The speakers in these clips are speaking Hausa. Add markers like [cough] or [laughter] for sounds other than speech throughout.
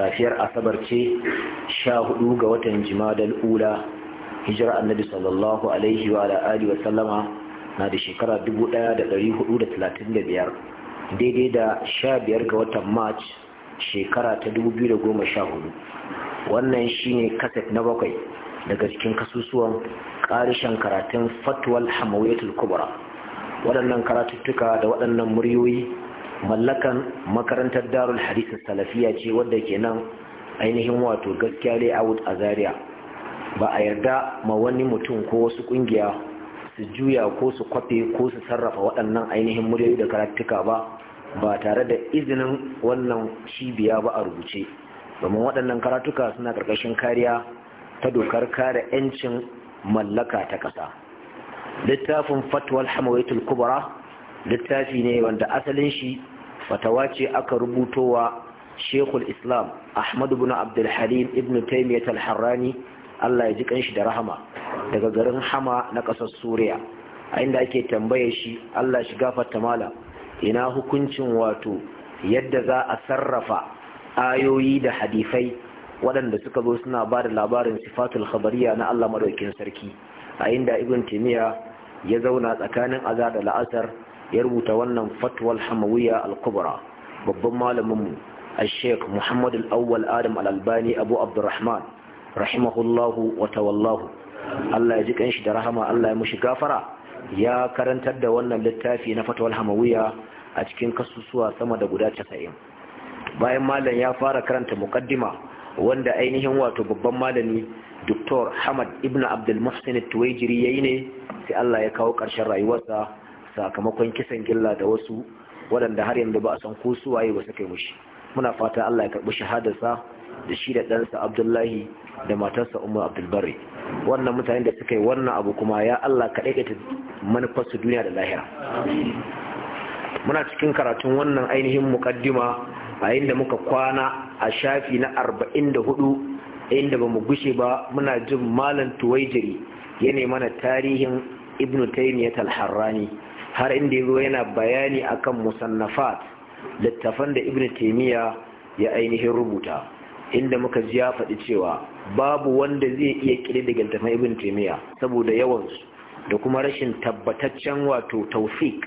safiyar asabar ce sha hudu ga watan jimadal ula hijira annabi sallallahu alaihi wa alihi wa sallama na da shekara 1435 daidai da sha biyar ga watan march shekara ta 2014 wannan shine kaset na bakwai daga cikin kasusuwan karishen karatun fatwal hamawiyatul kubra waɗannan karatuttuka da waɗannan muryoyi mallakan makarantar darul hadith salafiya ce wadda ke nan ainihin wato gaskiya dai a zaria ba a yarda ma wani mutum ko wasu kungiya su juya ko su kwafe ko su sarrafa waɗannan ainihin muryoyi da karatuka ba ba tare da izinin wannan cibiya ba a rubuce domin waɗannan karatuka suna ƙarƙashin kariya ta dokar kare 'yancin mallaka ta ƙasa littafin fatwal hamawaitul kubra littafi ne wanda asalin shi fatawa ce aka rubutowa shekul islam ahmadu bin abdulhalim ibn taimiyyat al allah ya ji kanshi da rahama daga garin hama na ƙasar suriya a inda ake tambaye shi allah shiga gafarta mala ina hukuncin wato yadda za a sarrafa ayoyi da hadifai waɗanda suka zo suna ba da labarin sifatul khabariya na allah madaukin sarki a inda ibn taimiyya ya zauna tsakanin aza da la'asar ya rubuta wannan fatwal hamawiya al-kubra babban malaminmu al-sheikh muhammad al-awwal adam al-albani abu abdurrahman rahimahullahu wa tawallahu Allah ya ji kanshi da rahama Allah ya mushi gafara ya karantar da wannan littafi na fatwal hamawiya a cikin kasusuwa sama da guda 90 bayan malam ya fara karanta muqaddima wanda ainihin wato babban malami Dr. Hamad Ibn Abdul Muhsin Tuwaijiri yayi ne sai Allah ya kawo ƙarshen rayuwarsa sakamakon kisan gilla da wasu waɗanda har yanzu ba a san ko su waye ba suka yi mushi muna fata Allah ya karɓi shahadarsa da shi da ɗansa Abdullahi da matarsa Umar Abdulbari wannan mutanen da suka yi wannan abu kuma ya Allah ka ɗaiɗaita manufarsu duniya da lahira muna cikin karatun wannan ainihin mukaddima a inda muka kwana a shafi na 44 inda ba mu gushe ba muna jin malam tuwaijiri ya ne mana tarihin ibnu taymiyyah al-harrani har inda ya zo yana bayani akan musannafat littafan da ibn taimiyya ya ainihin rubuta inda muka ji ya faɗi cewa babu wanda zai iya da littafan ibn taimiyya saboda yawansu da kuma rashin tabbataccen wato taufik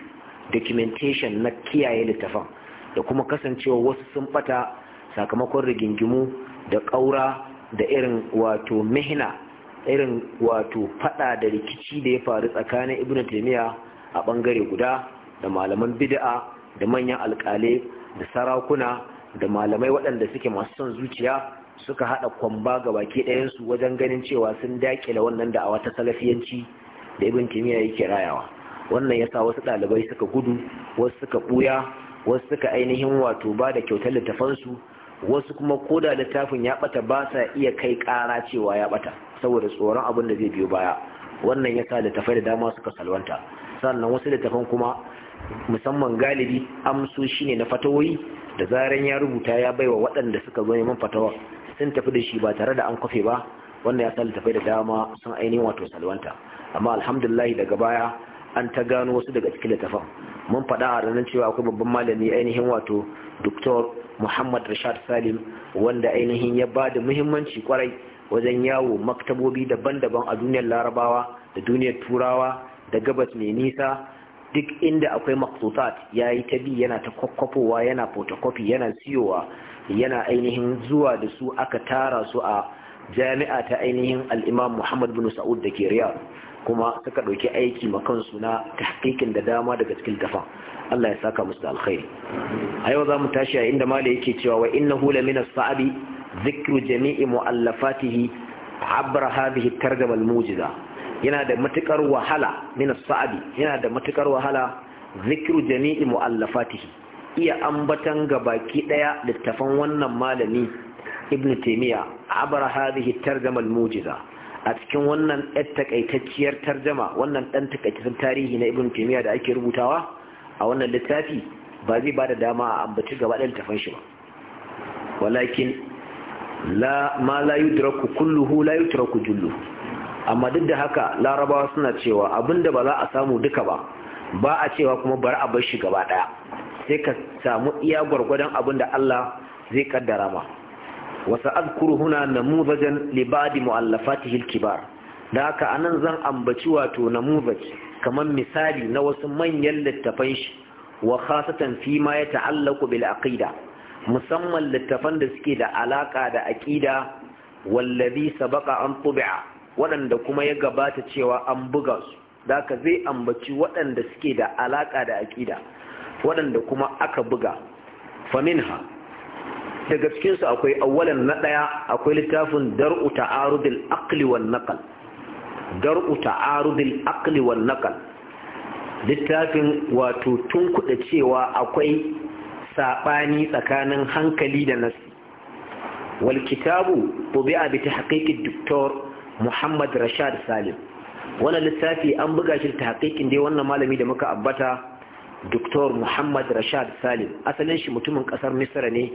documentation na kiyaye littafan da kuma kasancewa wasu sun ɓata sakamakon rigingimu da ƙaura da irin wato mihina irin wato faɗa da rikici da ya faru tsakanin ibn taimiyya a bangare guda da malaman bid'a da manyan alƙale da sarakuna da malamai waɗanda suke masu son zuciya suka haɗa kwamba ga baki ɗayansu wajen ganin cewa sun dakile wannan da a ta salafiyanci da ibn kimiyya yake rayawa wannan yasa wasu ɗalibai suka gudu wasu suka ɓuya wasu suka ainihin wato ba da kyautar littafansu wasu kuma koda littafin ya ɓata ba sa iya kai ƙara cewa ya ɓata saboda tsoron abin da zai biyo baya wannan yasa littafai da dama suka salwanta sannan wasu littafan kuma musamman galibi shi ne na fatawoyi da zaran ya rubuta ya baiwa waɗanda suka zo neman fatawa sun tafi da shi ba tare da an kwafe ba wanda ya sa littafai da dama sun ainihin wato salwanta amma alhamdulillah daga baya an ta gano wasu daga cikin littafan mun faɗa a ranar cewa akwai babban malami ainihin wato doktor muhammad rashad salim wanda ainihin ya ba da muhimmanci kwarai wajen yawo maktabobi daban-daban a duniyar larabawa da duniyar turawa da gabas mai nisa duk inda akwai maksusat ya yi ta bi yana ta kwakwafowa yana photocopy yana siyowa yana ainihin zuwa da su aka tara su a jami'a ta ainihin al'imam muhammad bin sa'ud da ke riyadu kuma suka ɗauki aiki makansu na tahqiqin da dama daga cikin tafa Allah ya saka musu alkhairi a yau za mu tashi a inda mala yake cewa wa innahu lamina sa'abi zikru jami'i mu'allafatihi abra hadhihi tarjama al-mujiza yana da matukar wahala min Sa'adi yana da matukar wahala zikru jami'i mu'allafatihi iya ambatan gabaki daya littafan wannan malami ibn taymiya abara hadhihi tarjama al-mujiza a cikin wannan ɗan takaitacciyar tarjama wannan ɗan takaitaccen tarihi na ibn taymiya da ake rubutawa a wannan littafi ba zai da dama a ambaci gaba ɗaya littafan shi ba walakin la ma la yudraku kulluhu la yudraku julluhu amma duk da haka larabawa suna cewa abinda ba za a samu duka ba ba a cewa kuma bari a bar shi gaba daya sai ka samu iya gwargwadon abin da Allah zai kaddara ma wasu azkuru huna namuzajen libadi mu'allafatihi kibar da haka anan zan ambaci wato namuzaj kamar misali na wasu manyan littafan shi wa khasatan fi ma ya ta'allaku bil aqida musamman littafan da suke da alaka da aqida wallazi sabaƙa, an tubi'a waɗanda kuma ya gabata cewa an buga su da ka zai ambaci waɗanda suke da alaƙa da aƙida waɗanda kuma aka buga faminha daga cikinsu akwai awwalan na ɗaya akwai littafin dar'u ta'arudil aqli wan naqal dar'u ta'arudil aqli wan naqal littafin wato tun kuɗa cewa akwai saɓani tsakanin hankali da nasi wal kitabu tubi'a bi tahqiqi doktor Muhammad Rashad Salim wannan littafi an buga shi ta haƙiƙin dai wannan malami da muka abbata Dr. Muhammad Rashad Salim asalin shi mutumin ƙasar Misra ne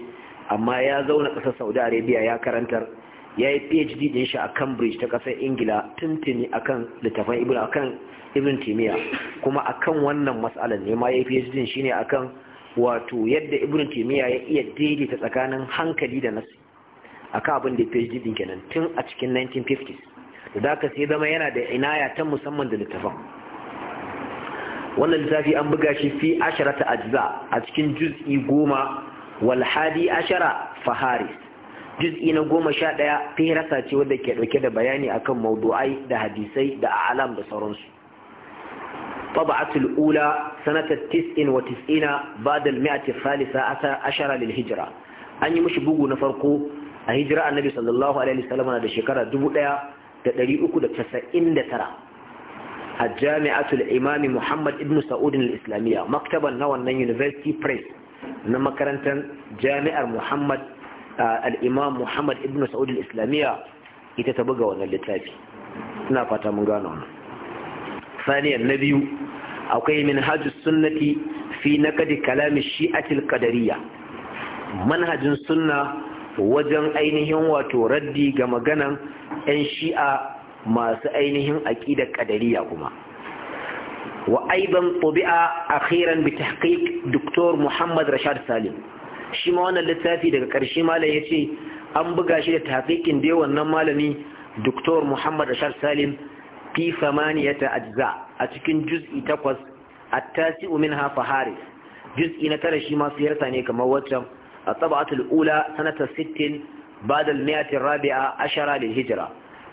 amma ya zauna ƙasar Saudi Arabia ya karantar ya yi PhD din shi a Cambridge ta ƙasar Ingila tuntuni akan littafin Ibn akan Ibn Taymiyyah kuma akan wannan mas'alar ne ma ya yi PhD din shine akan wato yadda Ibn Taymiyyah ya iya daidaita tsakanin hankali da nasi akan abin da ya jibin kenan tun a cikin 1950s da za ka sai zama yana da inaya ta musamman da littafin wannan littafi an buga shi fi ashara ta ajiza a cikin juz'i goma ashira ashara faharis juz'i na goma sha ɗaya firasa ce wadda ke ɗauke da bayani akan maudu'ai da hadisai da alam da sauransu طبعة الأولى سنة التسع وتسعين بعد المئة الثالثة عشر للهجرة أن bugu na نفرقو a hijira annabi sallallahu alaihi wasallam na da shekara 1399 a jami'atul imam Muhammad ibn Sa'ud al-Islamiyya maktaban na wannan University Press na makarantar jami'ar Muhammad al-Imam Muhammad ibn Sa'ud al-Islamiyya ita ta buga wannan littafi ina fata mun gano wannan ثانيا نبي أو كي منهاج السنة في نقد كلام الشيعة القدرية manhajin السنة wajen ainihin wato raddi ga maganan 'yan shi'a masu ainihin aƙidar ƙadariya kuma wa aiban ƙobi'a a khiran bi tahqiq doktor muhammad rashad salim shi ma wannan littafi daga ƙarshe malam ya ce an buga shi da tahqiqin da wannan malami doktor muhammad rashad salim fi samaniyata ajza a cikin juz'i takwas at-tasi'u minha haris juz'i na tara shi ma siyarta ne kamar waccan الطبعة الأولى سنة ست بعد المئة الرابعة عشرة للهجرة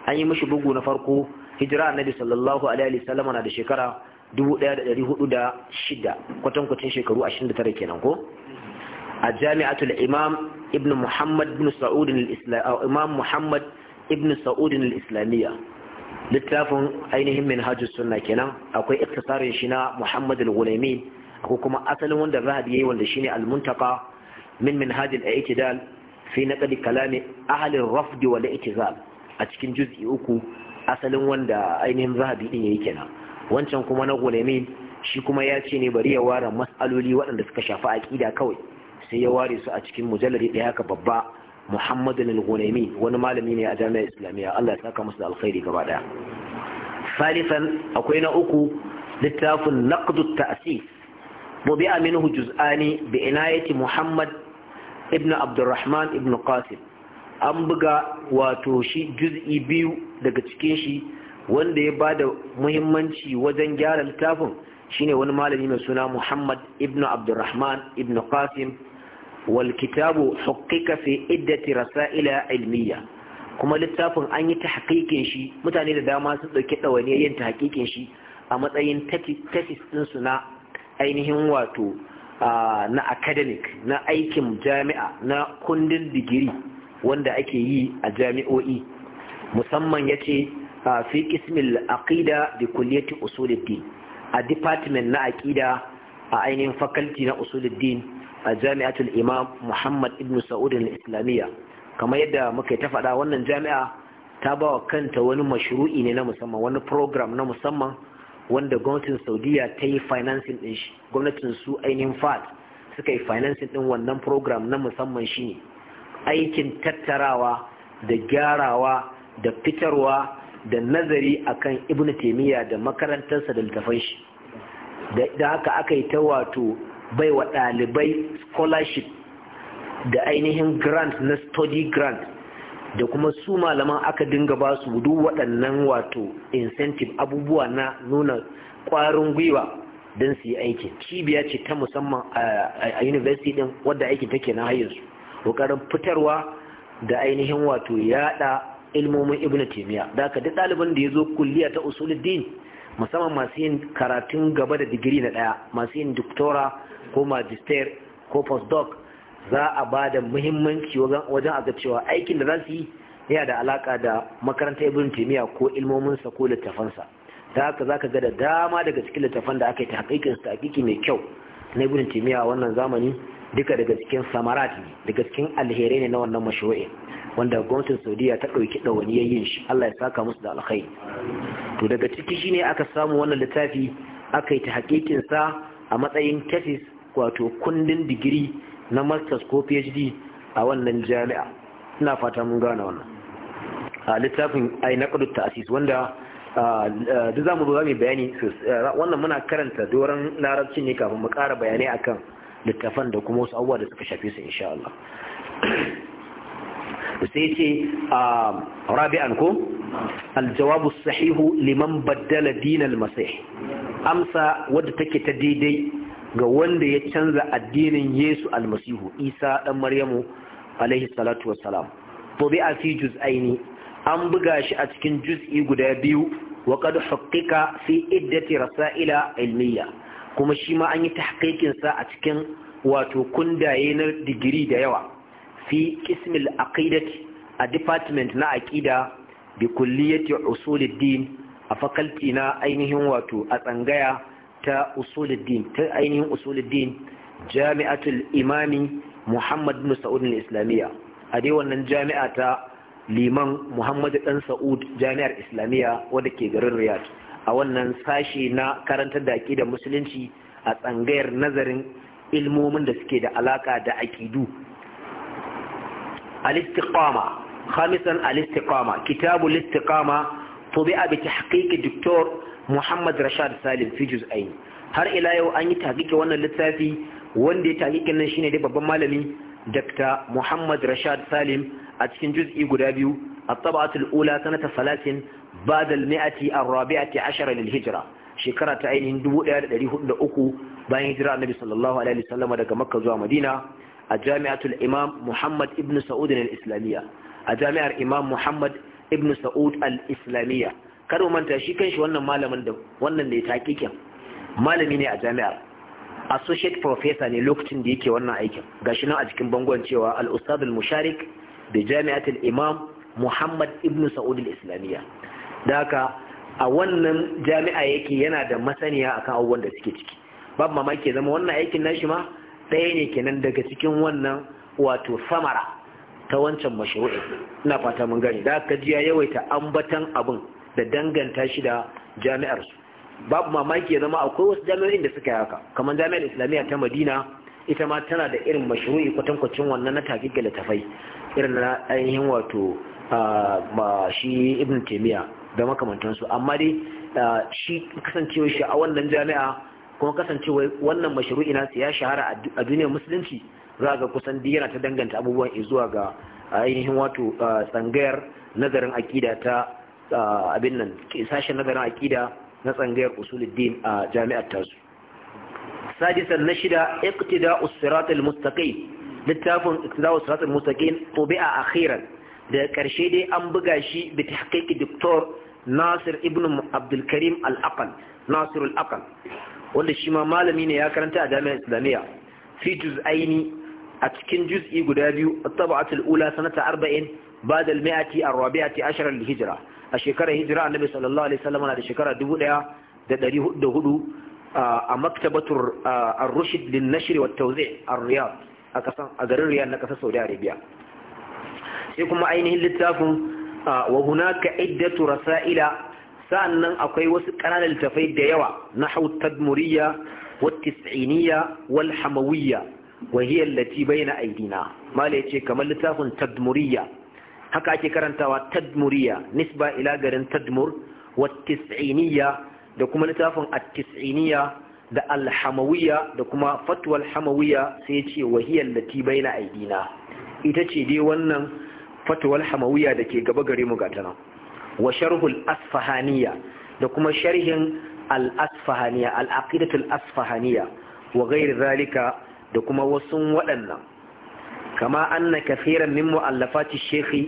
أي مش بقو نفرقو هجرة farko صلى annabi عليه وسلم أنا دشكرة dubu ɗaya da ɗari hudu da shida kwatankwacin shekaru ashirin da tara kenan ko a jami'atul imam ibn muhammad ibn sa'udin imam islamiyya littafin ainihin minhajus sunna kenan akwai iktisarin shi na muhammad al-gulaimi akwai kuma asalin wanda zahabi yayi wanda shine al-muntaka min minhajil al-i'tidal fi naqd kalam ahli ar-rafd wal i'tizal a cikin juz'i uku asalin wanda ainihin zahabi din yayi kenan wancan kuma na gulamin shi kuma ya ce ne bari ya ware mas'aloli waɗanda suka shafi aqida kawai sai ya ware su a cikin mujalladi ɗaya haka babba Muhammad al wani malami ne a jami'ar Islamiyya Allah ya saka masa alkhairi gaba salisan akwai na uku littafin naqdu at-ta'sif وبيع منه جزءان بعناية Muhammad. ibn abdurrahman ibn qasim an buga wato shi juz'i biyu daga cikin shi wanda ya ba da muhimmanci wajen gyara littafin shine wani malami mai suna muhammad ibn abdurrahman ibn qasim wal kitabu hukika fi iddati rasaila ilmiya kuma littafin an yi ta shi mutane da dama sun ɗauki ɗawainiyar yin tahqiqin shi a matsayin tesis su na ainihin wato na academic na aikin jami'a na kundin digiri wanda ake yi a jami'o'i musamman ya ce fi ismil aqida da kulliyati usuluddin a department na aqida a ainihin faculty na usuluddin a jami'atul imam muhammad Ibnu ibn sa'udin islamiyya kamar yadda muka ta faɗa wannan jami'a ta ba wa kanta wani mashru'i ne na musamman wani program na musamman wanda gwamnatin saudiya ta yi financing din shi gwamnatin su ainihin fat suka yi financing din wannan program na musamman shine aikin tattarawa da gyarawa da fitarwa da nazari akan ibnu taimiyya da makarantarsa da littafan shi da haka aka yi ta wato baiwa wa ɗalibai scholarship da ainihin grant na study grant da kuma su malaman aka dinga ba su duk waɗannan wato incentive abubuwa na nuna ƙwarin gwiwa don su yi aiki cibiya ce ta musamman a university din wadda aiki take na hayyarsu ƙoƙarin fitarwa da ainihin wato yaɗa ilmomin ibn taimiyya da aka duk ɗaliban da ya zo kulliya ta usuluddin musamman masu yin karatun gaba da digiri na ɗaya masu yin doctora ko magister ko postdoc za a ba da muhimmanci wajen a ga cewa aikin da za su yi yana da alaka da makarantar ibn timiya ko ilmominsa ko littafansa ta haka za ka ga da dama daga cikin littafan da aka yi ta hakikin su hakiki mai kyau na ibn timiya wannan zamani duka daga cikin samarat daga cikin alherai ne na wannan mashru'i wanda gwamnatin saudiya ta ɗauki ya yin shi allah ya saka musu da alkhai. to daga ciki shine aka samu wannan littafi aka yi ta hakikin sa a matsayin tesis wato kundin digiri na masters ko phd a wannan jami'a ina fata mun gane wannan a littafin ai na kudu ta'asis wanda duk za mu zo mu bayani wannan muna karanta doron larabci ne kafin mu ƙara bayanai akan littafan da kuma wasu abubuwa da suka shafe su insha Allah sai ce a rabi'an ko aljawabu sahihu liman baddala dinal masih amsa wadda take ta daidai ga wanda ya canza addinin Yesu almasihu Isa dan Maryamu alaihi salatu wassalam to bi a fi juz'aini an buga shi a cikin juz'i guda biyu wa qad haqqiqa fi iddati rasaila ilmiya kuma shi ma an yi tahqiqin sa a cikin wato kundaye na digiri da yawa fi qismil aqidati a department na aqida bi kulliyati usuluddin a fakalti na ainihin wato a tsangaya ta usuluddin ta ainihin usuluddin jami'atul imami muhammad bin sa'ud islamiyya a dai wannan jami'a ta liman muhammad dan sa'ud jami'ar islamiyya wadda ke garin riyadh a wannan sashe na karantar da da musulunci a tsangayar nazarin ilmomin da suke da alaka da aƙidu al-istiqama khamisan al-istiqama kitabul istiqama tubi'a bi tahqiq doktor Muhammad Rashad Salim fi juz'ai har ila yau an yi tahqiqi wannan littafi wanda ya tahqiqi nan shine dai babban malami Dr. Muhammad Rashad Salim a cikin juz'i guda biyu at-tab'atul ula sanata 30 ba'da al-mi'ati ar-rabi'ati 'ashara lil hijra shekara ta ainihin 1403 bayan hijira Annabi sallallahu alaihi wasallam daga Makka zuwa Madina a Jami'atul Imam Muhammad ibn Sa'ud al-Islamiyya a Jami'ar Imam Muhammad ibn Sa'ud al-Islamiyya kar mu manta shi kanshi wannan malamin da wannan da ya kyan malami ne a jami'ar associate professor ne lokacin da yake wannan aikin gashi nan a cikin bangon cewa al-ustad al-musharik da al imam muhammad ibn sa'ud al-islamiyya da haka a wannan jami'a yake yana da masaniya akan abubuwan da suke ciki babu mamaki zama wannan aikin shi ma ɗaya ne kenan daga cikin wannan wato samara ta wancan mashru'i ina fata mun gani da haka ji yawaita ambatan abin da danganta shi da jami'arsu babu mamaki ya zama akwai wasu jami'o'in da suka yi haka kamar jami'ar islamiyya ta madina ita ma tana da irin mashru'i kwatankwacin wannan na da littafai irin na ainihin wato shi ibn taimiyya da makamantansu amma dai shi kasancewa shi a wannan jami'a kuma kasancewa wannan mashru'i na ya shahara a duniyar musulunci za ga kusan yana ta danganta abubuwan izuwa ga ainihin wato tsangayar nazarin akida ta abin nan sashen nazarin aƙida na tsangayar usuluddin a jami'ar tasu sadisan na shida iqtida'us siratal mustaqim littafin iqtida'us siratal mustaqim tubi'a akhiran da ƙarshe dai an buga shi bi tahqiqi doktor Nasir ibn Abdul Karim Al-Aqal Nasir Al-Aqal wanda shi ma malami ne ya karanta a jami'ar Islamiyya fi juz'aini a cikin juz'i guda biyu at-tab'atul ula sanata 40 ba'da al-mi'ati ar-rabi'ati ashara al-hijra a shekarar hijira annabi sallallahu alaihi wasallam da shekara 1404 a maktabatur ar-rushd lin nashr wa tawzi' ar-riyad a kasan a garin riyad na kasar saudi arabia sai kuma ainihin littafin wa hunaka iddatu rasaila sa'annan akwai wasu kananan littafai da yawa nahwu tadmuriyya wa tis'iniyya wal hamawiyya wa hiya allati bayna aydina mala yace kamar littafin tadmuriyya haka ake karantawa tadmuriya nisba ila garin tadmur wa tis'iniya da kuma littafin at-tis'iniya da alhamawiya da kuma fatwal hamawiya sai ce wahiyar lati na aidina ita ce dai wannan fatwal hamawiya da ke gaba gare mu gata nan wa sharhul asfahaniya da kuma sharhin alasfahaniya al'akidatul asfahaniya wa ghairi zalika da kuma wasu waɗannan kama anna kafiran min mu'allafati shekhi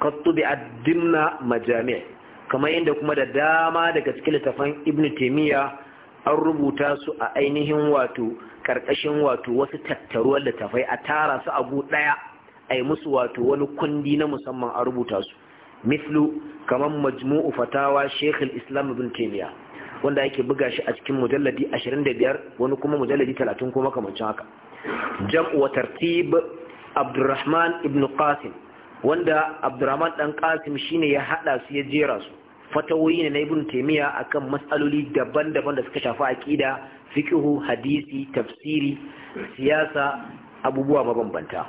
qad tubi'at dimna majami' kama yadda kuma da dama daga cikin littafan ibnu taymiya an rubuta su a ainihin wato karkashin wato wasu tattaruwar littafai a tara su abu daya ai musu wato wani kundi na musamman a rubuta su mislu kamar majmu'u fatawa shekhul islam ibn taymiya wanda ake buga shi a cikin mujalladi 25 wani kuma mujalladi 30 kuma kamancin haka jam'u wa tartib abdurrahman ibn qasim wanda abdurrahman dan qasim shine ya hada su ya jera su fatawoyi ne na ibn taymiya akan matsaloli daban-daban da suka shafi aqida fiqhu hadisi tafsiri siyasa abubuwa mabambanta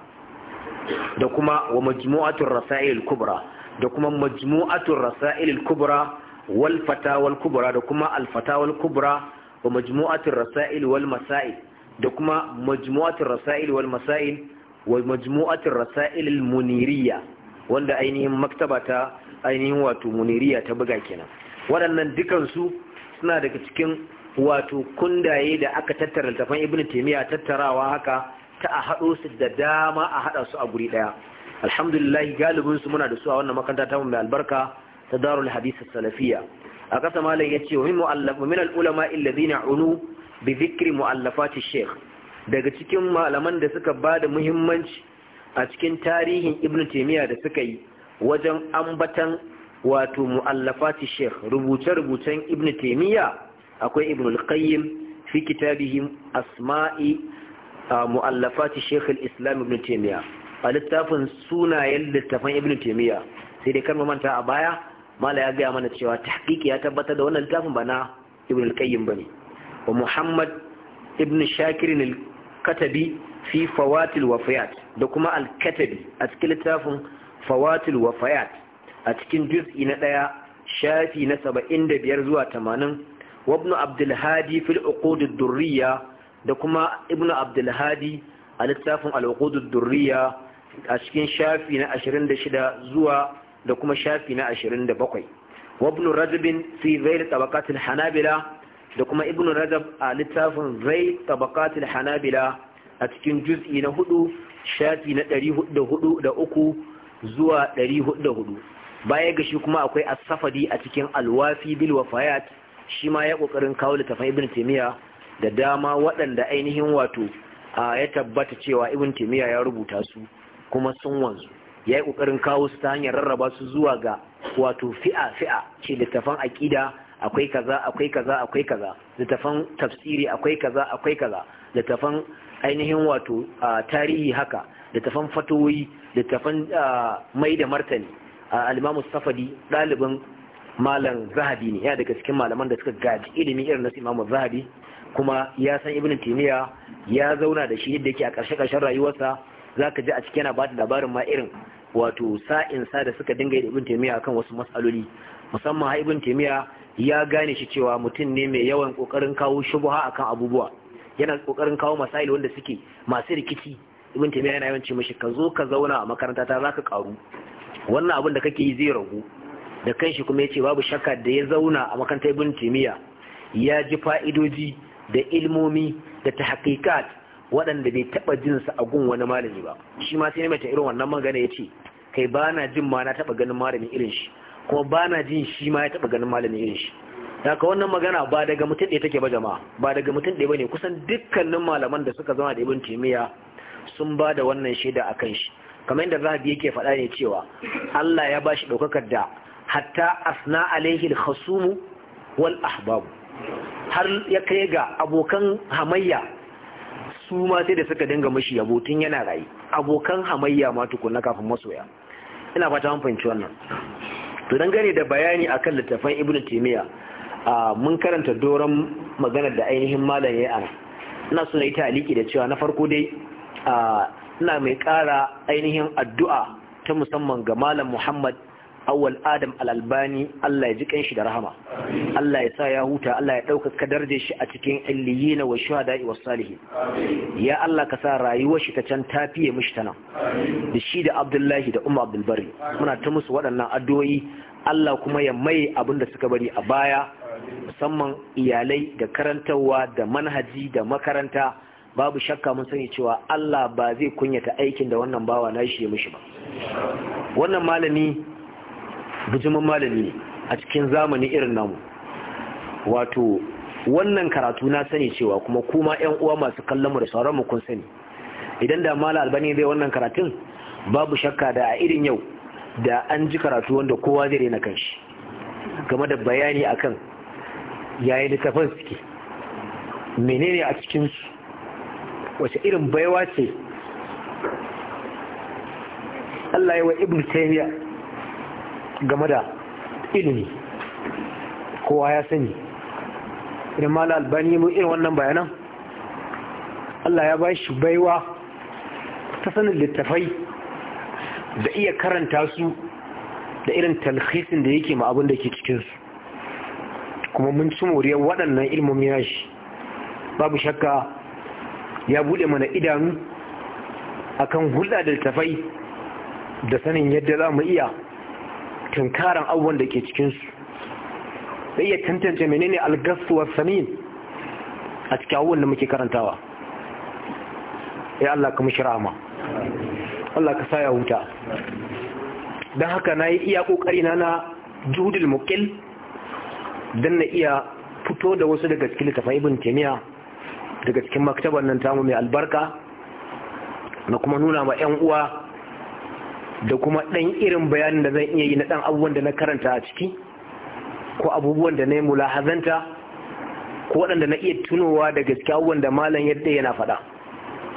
da kuma wa majmu'atul rasail kubra da kuma majmu'atul rasail kubra wal fatawal kubra da kuma al fatawal kubra wa majmu'atul rasail wal masail da kuma majmu'atul rasail wal masail wa majmu'atir rasail al-muniriya wanda ainihin maktaba ta ainihin wato muniriya ta buga kenan waɗannan dukansu suna daga cikin wato kundaye da aka tattara littafan ibn taymiya tattarawa haka ta a haɗo su da dama a haɗa su a guri ɗaya alhamdulillah galibin su muna da su a wannan makaranta ta mai albarka ta darul hadith salafiyya a kasa malam yace wa min mu'allaf min al ulama alladhina unu bi dhikri mu'allafati shaykh daga cikin malaman da suka ba da muhimmanci a cikin tarihin ibn taimiyya da suka yi wajen ambatan wato mu'allafati sheikh rubuce-rubucen ibn taimiyya akwai ibn al fi kitabihim asma'i mu'allafati sheikh al-islam ibn taimiyya a littafin sunayen littafan ibn taimiyya sai dai kar manta a baya mala ya gaya mana cewa tahqiqi ya tabbatar da wannan littafin ba na ibn al-qayyim bane wa muhammad ibn shakirin katabi fi fawatil wafayat da kuma al-katabi a cikin littafin fawatil wafayat a cikin juz'i na ɗaya shafi na saba'in da biyar zuwa tamanin wabnu abdulhadi fil uqudud durriya da kuma ibnu abdulhadi a littafin al-uqudud durriya a cikin shafi na ashirin da shida zuwa da kuma shafi na ashirin da bakwai wabnu rajabin fi da tabaqatil hanabila da kuma ibn rajab a littafin zai tabakatul hanabila a cikin juz'i na hudu shafi na ɗari hudu da uku zuwa ɗari hudu da hudu baya ga shi kuma akwai asafadi a cikin alwafi bil wafayat shi ma ya kokarin kawo littafin ibn timiya da dama waɗanda ainihin wato a ya tabbata cewa ibn timiya ya rubuta su kuma sun wanzu ya yi kokarin kawo su ta hanyar rarraba su zuwa ga wato fi'a fi'a ce littafan aƙida akwai kaza akwai kaza akwai kaza littafan tafsiri akwai kaza akwai kaza littafan ainihin wato tarihi haka littafan fatoyi littafan mai da martani al-imamu safadi ɗalibin malam zahabi ne yana daga cikin malaman da suka gaji ilimi irin na imam zahabi kuma ya san ibn timiya ya zauna da shi yadda yake a ƙarshe ƙarshen rayuwarsa zaka ji a cikin yana bada labarin ma irin wato sa'in sa da suka dinga da ibn timiya kan wasu matsaloli musamman ha ibn timiya ya gane shi cewa mutum ne mai yawan kokarin kawo shubuha akan abubuwa yana kokarin kawo masail wanda suke masu rikici ibn taymiya yana yawan ce ka zo ka zauna a makaranta ta zaka karu wannan abin da kake yi zai ragu da kanshi kuma ya ce babu shakka da ya zauna a makarantar ibn taymiya ya ji fa'idoji da ilmomi da tahqiqat waɗanda bai taɓa jin sa a gun wani malami ba shi ma sai mai ta irin wannan magana ya ce, kai ba na jin ma na taɓa ganin malamin irin shi kuma ba na jin shi ma ya taɓa ganin malamin irin shi daga wannan magana ba daga mutum ɗaya take ba jama'a ba daga mutum ɗaya ba ne kusan dukkanin malaman da suka zama da ibin timiya sun ba da wannan shaida akan shi kamar yadda biya ke faɗa ne cewa Allah ya bashi ɗaukakar da hatta asna alaihi al-khasumu wal ahbabu, har ya kai ga abokan hamayya su ma sai da suka dinga mashi yabo tun yana rayu abokan hamayya ma tukunna kafin masoya ina fata an fahimci wannan to dangane da bayani akan littafan ibnu Timiya, mun karanta doron maganar da ainihin malam ya ana ina so na yi taliki da cewa na farko dai ina mai ƙara ainihin addu'a ta musamman ga malam muhammad awal adam al-albani Allah ya ji kanshi da rahama Allah ya sa ya huta Allah ya ɗaukaka darje shi a cikin illiyina wa shuhada'i was salihin ya Allah ka sa rayuwar shi ta can tafiye mishi ta nan da shi da Abdullahi da Umar Abdul muna ta musu waɗannan addu'o'i Allah kuma ya mai abin da suka bari a baya musamman iyalai da karantarwa da manhaji da makaranta babu shakka mun sani cewa Allah ba zai kunyata aikin da wannan bawa na shi ya mishi ba wannan malami bijimin malami ne a cikin zamani irin namu wato wannan karatu na sani cewa kuma kuma yan uwa masu kallon mu da sauran mu kun sani idan da mala albani zai wannan karatun babu shakka da a irin yau da an ji karatu wanda kowa zai rena kanshi game da bayani akan yayin littafin suke menene a cikin su wace irin baiwa ce Allah ya wa ibnu taymiya game da ilimi kowa ya sani idan ma albani mun irin wannan bayanan Allah ya ba shi baiwa ta sanin littafai da iya karanta su da irin talhisin da yake ma abin da ke cikinsu kuma mun ci moriyar waɗannan ilmomi ya shi babu shakka ya buɗe mana idanu akan hulɗa da littafai da sanin yadda za mu iya tunkaran abubuwan da ke cikinsu sai iya tantance menene algasuwar samin a cikin abubuwan da muke karantawa ya Allah ka mushi rama Allah ka sa ya huta don haka na yi iya ƙoƙari na na juhudul mukil don na iya fito da wasu daga cikin littafin ibn taimiyya daga cikin maktabar nan tamu mai albarka na kuma nuna ma 'yan uwa da kuma ɗan irin bayanin da zan iya yi na ɗan abubuwan da na karanta a ciki ko abubuwan da na yi mulahazanta ko waɗanda na iya tunowa da gaske abubuwan da malam yadda yana faɗa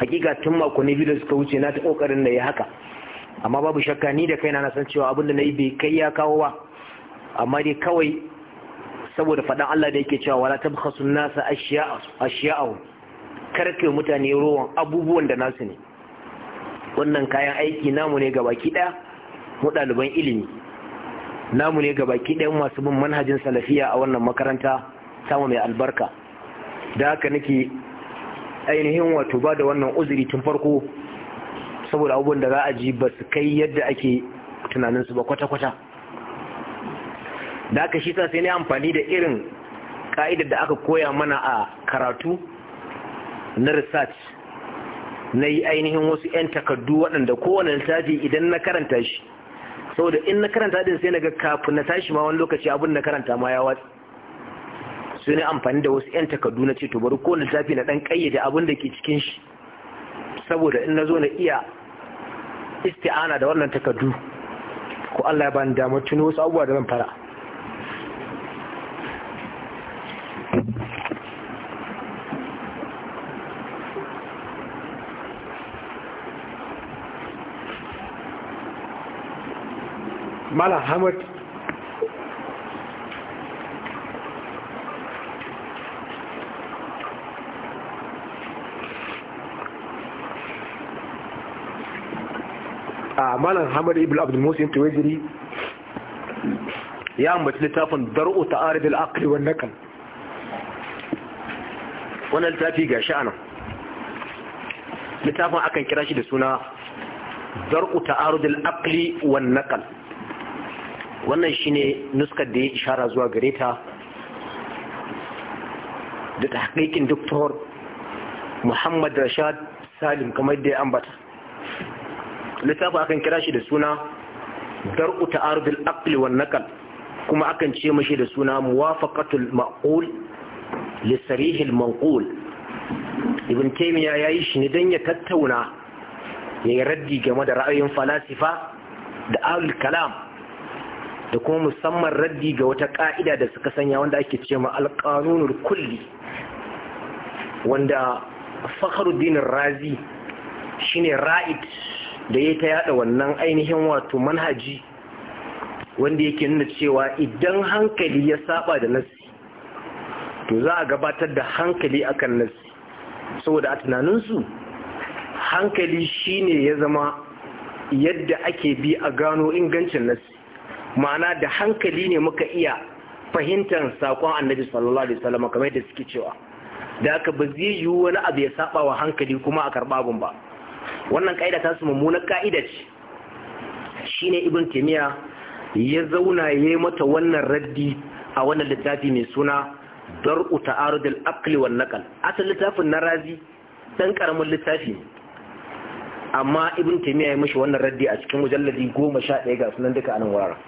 hakika tun makonni biyu da suka wuce na ta ƙoƙarin da ya haka amma babu shakka ni da kaina na san cewa abin da na yi bai kai ya kawo ba amma dai kawai saboda faɗan Allah da yake cewa wala tabkhasu nasa ashya'ahu kar kai mutane ruwan abubuwan da nasu ne wannan kayan aiki namu ne ga baki ɗaya mu ɗaliban ilimi namu ne ga baki ɗaya masu bin manhajin salafiya a wannan makaranta samu mai albarka da haka nake ainihin wato ba da wannan uzuri tun farko saboda abubuwan da za a ji ba su kai yadda ake tunanin su ba kwata-kwata da haka shi sa sai ne amfani da irin ka'idar da aka koya mana a karatu na research na yi ainihin wasu 'yan takardu waɗanda kowane littafi idan na karanta shi saboda in na karanta din sai na ga kafin na tashi ma wani lokaci abin na karanta ma ya watsi sai na amfani da wasu 'yan takardu na ce to bari kowane littafi na ɗan ƙayyade abin da ke cikin shi saboda in na zo na iya isti'ana da wannan takardu ko Allah ya bani damar tuni wasu abubuwa da zan fara malam hamad a ah, malam hamad ibn abdulmusin tuwajiri ya ambaci littafin dar'u ta al-aqli wannan kan wannan littafi ga sha'anan littafin akan kira shi da suna dar'u ta al-aqli wannan kan wannan shine nuskar da ya ishara zuwa gare ta da tahqiqin doktor Muhammad Rashad Salim kamar da ya ambata littafin akan kira shi da suna dar'u ta'arudul aql wan naql kuma akan ce mashi da suna muwafaqatul ma'qul li sarihil manqul ibn ya yayi shi ne dan ya tattauna ya yi raddi game da ra'ayin falasifa da al kalam da kuma musamman raddi ga wata ka'ida da suka sanya wanda ake ce ma alƙanunar kulli wanda fakhruddin razi shine ra'id da ya ta yada wannan ainihin wato manhaji wanda yake nuna cewa idan hankali ya saba da nasi, to za a gabatar da hankali akan nasi, saboda a tunaninsu hankali shine ya zama yadda ake bi a gano ingancin nassi ma'ana da hankali ne muka iya fahimtar sakon annabi sallallahu alaihi wasallam kamar da suke cewa da aka ba zai yi wani abu ya saba wa hankali kuma a karba abun ba wannan kaida ta su mummunar kaida ce shine ibn taymiya ya zauna yayi mata wannan raddi a wannan littafi mai suna dar'u ta'arud al-aql wal naql asalin littafin narazi dan karamin littafi ne amma ibn taymiya ya mishi wannan raddi a cikin mujalladi 11 ga sunan duka anan wuraren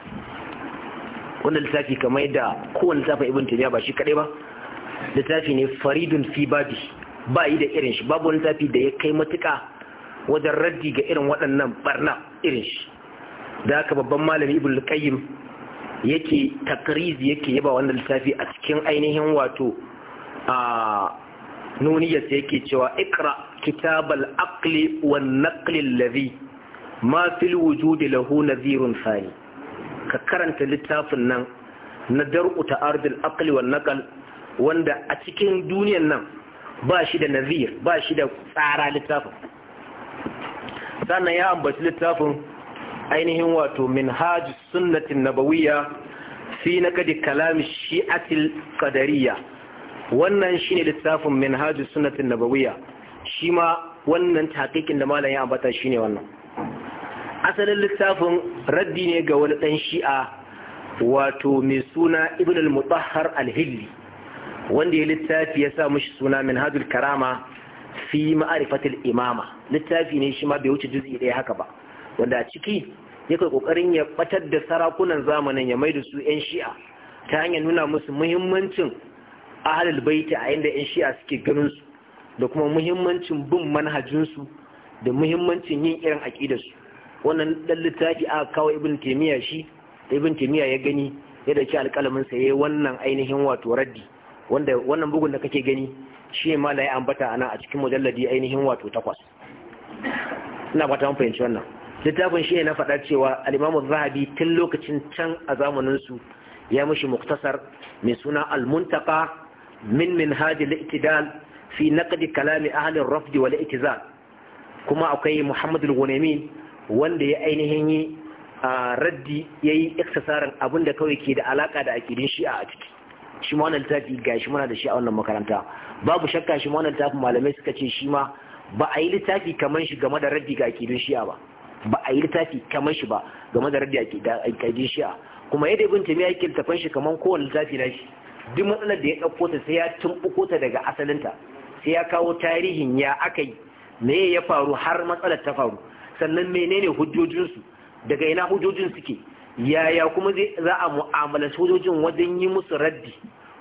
wannan littafi kamar da kowane littafin ibn taymiya ba shi kadai ba littafi ne faridun fi babi ba yi da irin shi babu wani littafi da ya kai matuka wajen raddi ga irin waɗannan barna irin shi da haka babban malami ibn qayyim yake takrizi yake yaba wannan littafi a cikin ainihin wato a nuniyar sa yake cewa ikra kitabal aqli wan naqli alladhi ma fil wujudi lahu nadhirun fani ka karanta littafin nan na dar'u ta'arudul aqli wan naqal wanda a cikin duniyar nan ba shi da nazir ba shi da tsara littafin sannan ya ambaci littafin ainihin wato minhajus sunnatin nabawiyya fi naqdi kalam shi'atil qadariyya wannan shine littafin minhajus sunnatin nabawiyya shi ma wannan taqiqin da malam ya ambata shine wannan asalin littafin raddi ne ga wani dan shi'a wato mai suna ibn al-mutahhar al-hilli wanda ya littafi ya sa mishi suna manhajul karama fi ma'arifatil imama littafi ne shi ma bai wuce juz'i ɗaya haka ba wanda a ciki kai kokarin ya batar da sarakunan zamanin ya mai da su 'yan shi'a ta hanyar nuna musu muhimmancin ahalul baiti a inda yan shi'a suke ganin su da kuma muhimmancin bin manhajinsu da muhimmancin yin irin aƙidarsu wannan ɗan littafi aka kawo ibin taimiyya shi da ibn taimiyya ya gani ya dauki alƙalamin sa yayi wannan ainihin wato raddi wannan bugun da kake gani shi ma mala ya ambata ana a cikin mujalladi ainihin wato takwas ina fata mun fahimci wannan littafin shi ne na faɗa cewa al-Imam zahabi tun lokacin can a zamanin su ya mishi muktasar mai suna al min minhaj al-i'tidal fi naqd kalam ahli ar-rafd wal i'tizal kuma akwai Muhammadu al-Ghunaymin wanda ya ainihin yi raddi yayi iktisarin abin da kawai ke da alaka da akidin shi'a a ciki shi ma wannan littafi gashi muna da shi makaranta babu shakka suka ce shi ma ba a yi littafi kamar shi game da raddi ga akidin shi'a ba ba a yi littafi kamar shi ba game da raddi ga akidin shi'a kuma yadda ibn tamiya yake littafin shi kamar kowane littafi na shi duk matsalar da ya ɗauko ta sai ya tumɓuko ta daga asalinta sai ya kawo tarihin ya aka yi me ya faru har matsalar ta faru sannan menene hujjojinsu daga ina hujjojin suke yaya kuma za a mu'amalar hujjojin wajen yi musu raddi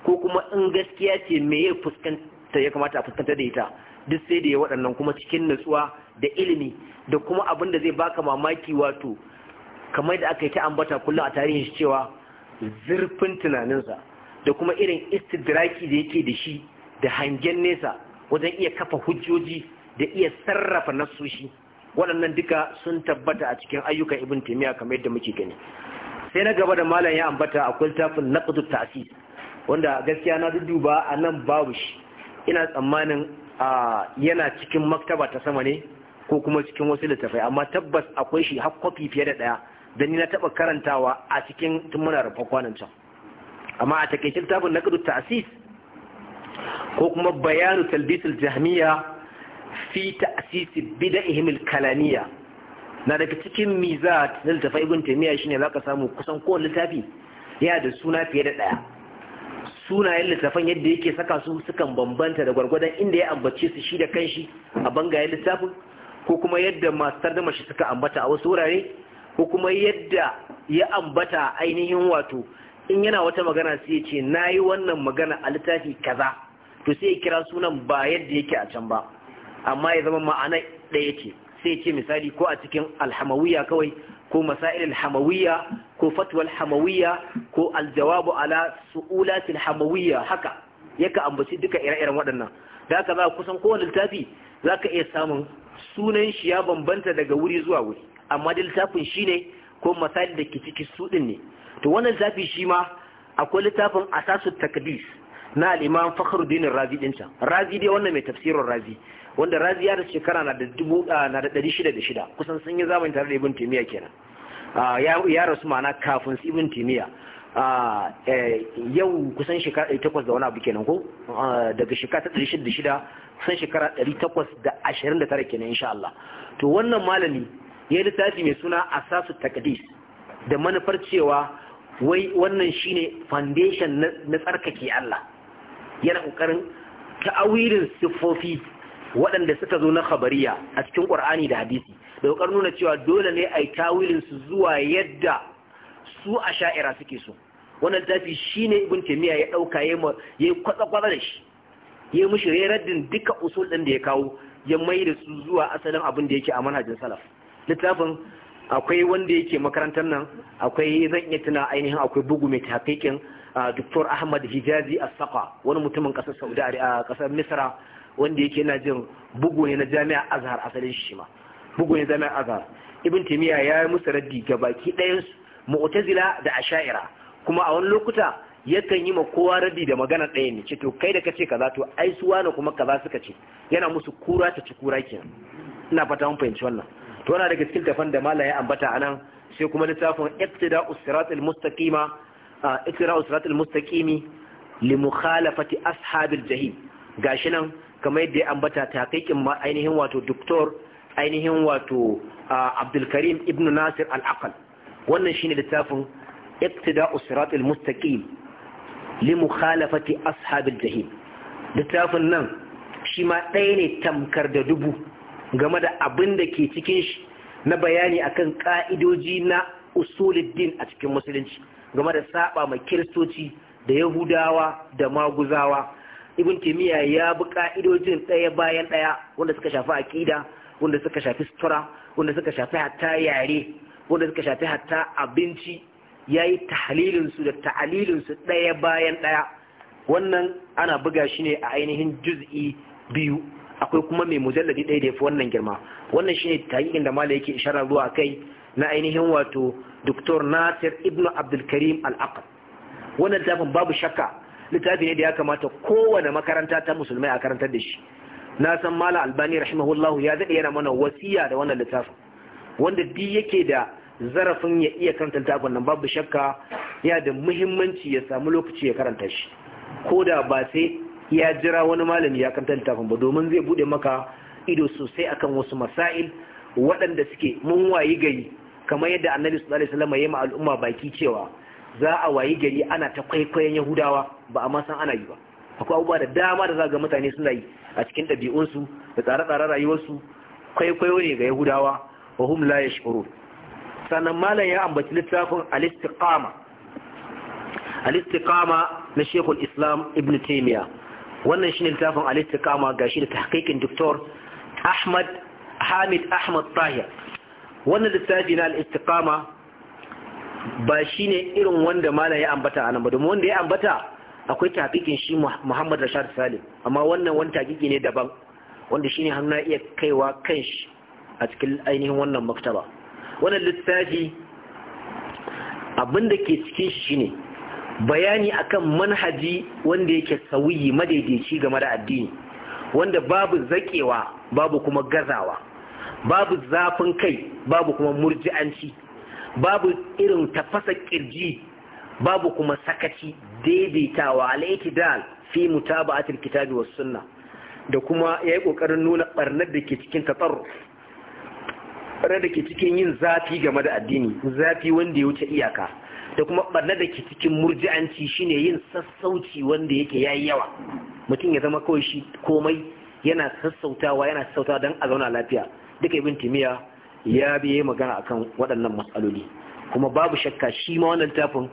ko kuma in gaskiya ce me ya fuskanta ya kamata a fuskanta da ita duk sai da ya waɗannan kuma cikin natsuwa da ilimi da kuma abin da zai baka mamaki wato kamar da aka yi ta ambata kullum a tarihin shi cewa zurfin tunaninsa da kuma irin istidraki da yake da shi da hangen nesa wajen iya kafa hujjoji da iya sarrafa nasoshi, waɗannan duka sun tabbata a cikin ayyukan ibn taimiyya kamar yadda muke gani sai na gaba da malam ya ambata akwai tafin naqdu tasi, wanda gaskiya na duduba a nan babu shi ina tsammanin yana cikin maktaba ta sama ne ko kuma cikin wasu littafai amma tabbas akwai shi har kwafi fiye da ɗaya da ni na taɓa karantawa a cikin tun muna rufa kwanan can amma a takaicin tabin na ta'asis, ko kuma bayanu talbisul jahmiya fi ta'asisi bida ihimil kalamiya na daga cikin mizat na littafai ibn taymiya shine zaka samu kusan kowane littafi yana da suna fiye da ɗaya. sunayen littafan yadda yake saka su sukan bambanta da gwargwadon inda ya ambace su shi da kanshi a bangayen littafin ko kuma yadda masu tardama shi suka ambata a wasu wurare ko kuma yadda ya ambata ainihin wato in yana wata magana sai ce na yi wannan magana a littafi kaza to sai ya kira sunan ba yadda yake a can ba amma ya zama ma'ana ɗaya ce sai ce misali ko a cikin alhamawiya kawai ko masail alhamawiya ko fatwa alhamawiya ko aljawabu ala su'ulat hamawiyya haka yaka ambaci duka ire-iren waɗannan da haka za kusan kowane littafi za ka iya samun sunan shi ya bambanta daga wuri zuwa wuri amma da littafin shi ne ko masail da ke ciki su ɗin ne to wannan zafi shi ma akwai littafin asasu takdis na al'imam dinin razi dinta razi dai wannan mai tafsirin razi wanda razi ya da shekara na da dubu ah, na da ɗari shida da shida kusan sun yi zamani tare da ibn timiya kenan ah, ya rasu ma'ana kafin su ibn timiya ah, eh, yau kusan shekara ɗari takwas da wani abu kenan ko daga shekara ta ɗari shida da shida kusan shekara ɗari takwas da ashirin da tara kenan insha Allah to wannan malami ya yi littafi mai suna asasu takdis da manufar cewa wai wannan shine foundation na tsarkake Allah yana ƙoƙarin ta'awilin siffofi waɗanda suka zo na khabariya a cikin ƙur'ani da hadisi da nuna cewa dole ne a yi tawilin su zuwa yadda su a sha'ira suke so wannan tafi shine ibn taymiya ya ɗauka ya yi kwatsa-kwatsa da shi ya mushi raddin duka usul ɗin da ya kawo ya mai da su zuwa asalin abin da yake a manhajin salaf littafin akwai wanda yake makarantar nan akwai zan iya tuna ainihin akwai bugu mai tafikin ah, Dr. Ahmad Hijazi Asaka, wani mutumin kasar Saudi a kasar ah, Misra wanda yake na jin bugu ne na Jami'a Azhar asalin shi ma bugu ne Jami'a Azhar Ibn timiya ya yi musu raddi ga baki ɗayan Mu'tazila da Asha'ira kuma a wani lokuta yakan yi ma kowa raddi da magana ɗaya ne ce to kai da kace kaza to ai suwa ne kuma kaza suka ce yana musu kura ta ci kura kenan ina fata mun fahimci wannan to yana daga cikin tafan da mala ya ambata anan sai kuma littafin iqtida'u siratal mustaqima iqtida'u siratal mustaqimi li mukhalafati ashabil jahim gashi nan kamar yadda ya ambata taqiqin ma ainihin wato doktor ainihin wato Abdul Karim ibn Nasir al-Aqal wannan shine littafin iqtida'u siratal mustaqim li mukhalafati ashabil jahim littafin nan shi ma ɗaya ne tamkar da dubu game da abin da ke cikin shi na bayani akan ka'idoji na usuluddin a cikin musulunci game da saba mai kiristoci da yahudawa da maguzawa ibn taymiya ya bi ka'idojin ɗaya bayan ɗaya wanda suka shafi aƙida, wanda suka shafi sutura wanda suka shafi hatta yare wanda suka shafi hatta abinci yayi tahlilin su da ta'alilin ɗaya bayan ɗaya wannan ana buga shi ne a ainihin juz'i biyu akwai kuma mai mujalladi ɗaya da ya fi wannan girma wannan shine tahikin da mala yake isharar zuwa kai na ainihin wato Dr. Nasir Ibn abdulkarim al wannan littafin babu shakka littafi ne da ya kamata kowane makaranta ta musulmai a karantar da shi na san mala albani rahimahullahu ya daɗe yana mana wasiya da wannan littafin wanda duk yake da zarafin ya iya karanta littafin nan babu shakka ya da muhimmanci ya samu lokaci ya karanta shi ko da ba sai ya jira wani malami ya kanta littafin ba domin zai bude maka ido sosai akan wasu masail waɗanda suke mun wayi gari kamar yadda annabi sallallahu alaihi wasallam ya ma al'umma baki cewa za a wayi gari ana ta kwaikwayon yahudawa ba a ma san ana yi ba akwai abubuwa da dama da za ga mutane suna yi a cikin ɗabi'unsu da tsare-tsaren rayuwarsu kwaikwayo ne ga yahudawa wa hum la yashkuru sannan malam ya ambaci littafin al-istiqama al-istiqama na shekul islam ibn taymiya wannan shine littafin al-istiqama gashi da tahqiqin doktor Ahmad Hamid Ahmad Tahir wannan littafi na al-istiqama ba shine irin wanda mala ya ambata anan ba domin wanda ya ambata akwai tahqiqin shi Muhammad Rashad Salim amma wannan wani tahqiqi ne daban wanda shine har na iya kaiwa kanshi a cikin ainihin wannan maktaba wannan littafi abinda ke cikin shi shine bayani akan manhaji wanda yake sauyi madaidaici game da addini wanda babu zakewa babu kuma gazawa babu zafin kai babu kuma murji'anci babu irin tafasa kirji babu kuma sakaci daidaitawa al-itidal fi mutaba'atil kitabi was sunna da kuma yayi kokarin nuna barnar da ke cikin tatarru barnar da ke cikin yin zafi game da addini zafi wanda ya wuce iyaka da kuma barna da ke cikin murji'anci shine yin sassauci wanda yake yayi yawa mutum ya zama kawai shi komai yana sassautawa yana sassautawa don a zauna lafiya duka ibn timiya ya biye magana akan waɗannan matsaloli kuma babu shakka shi ma wannan tafin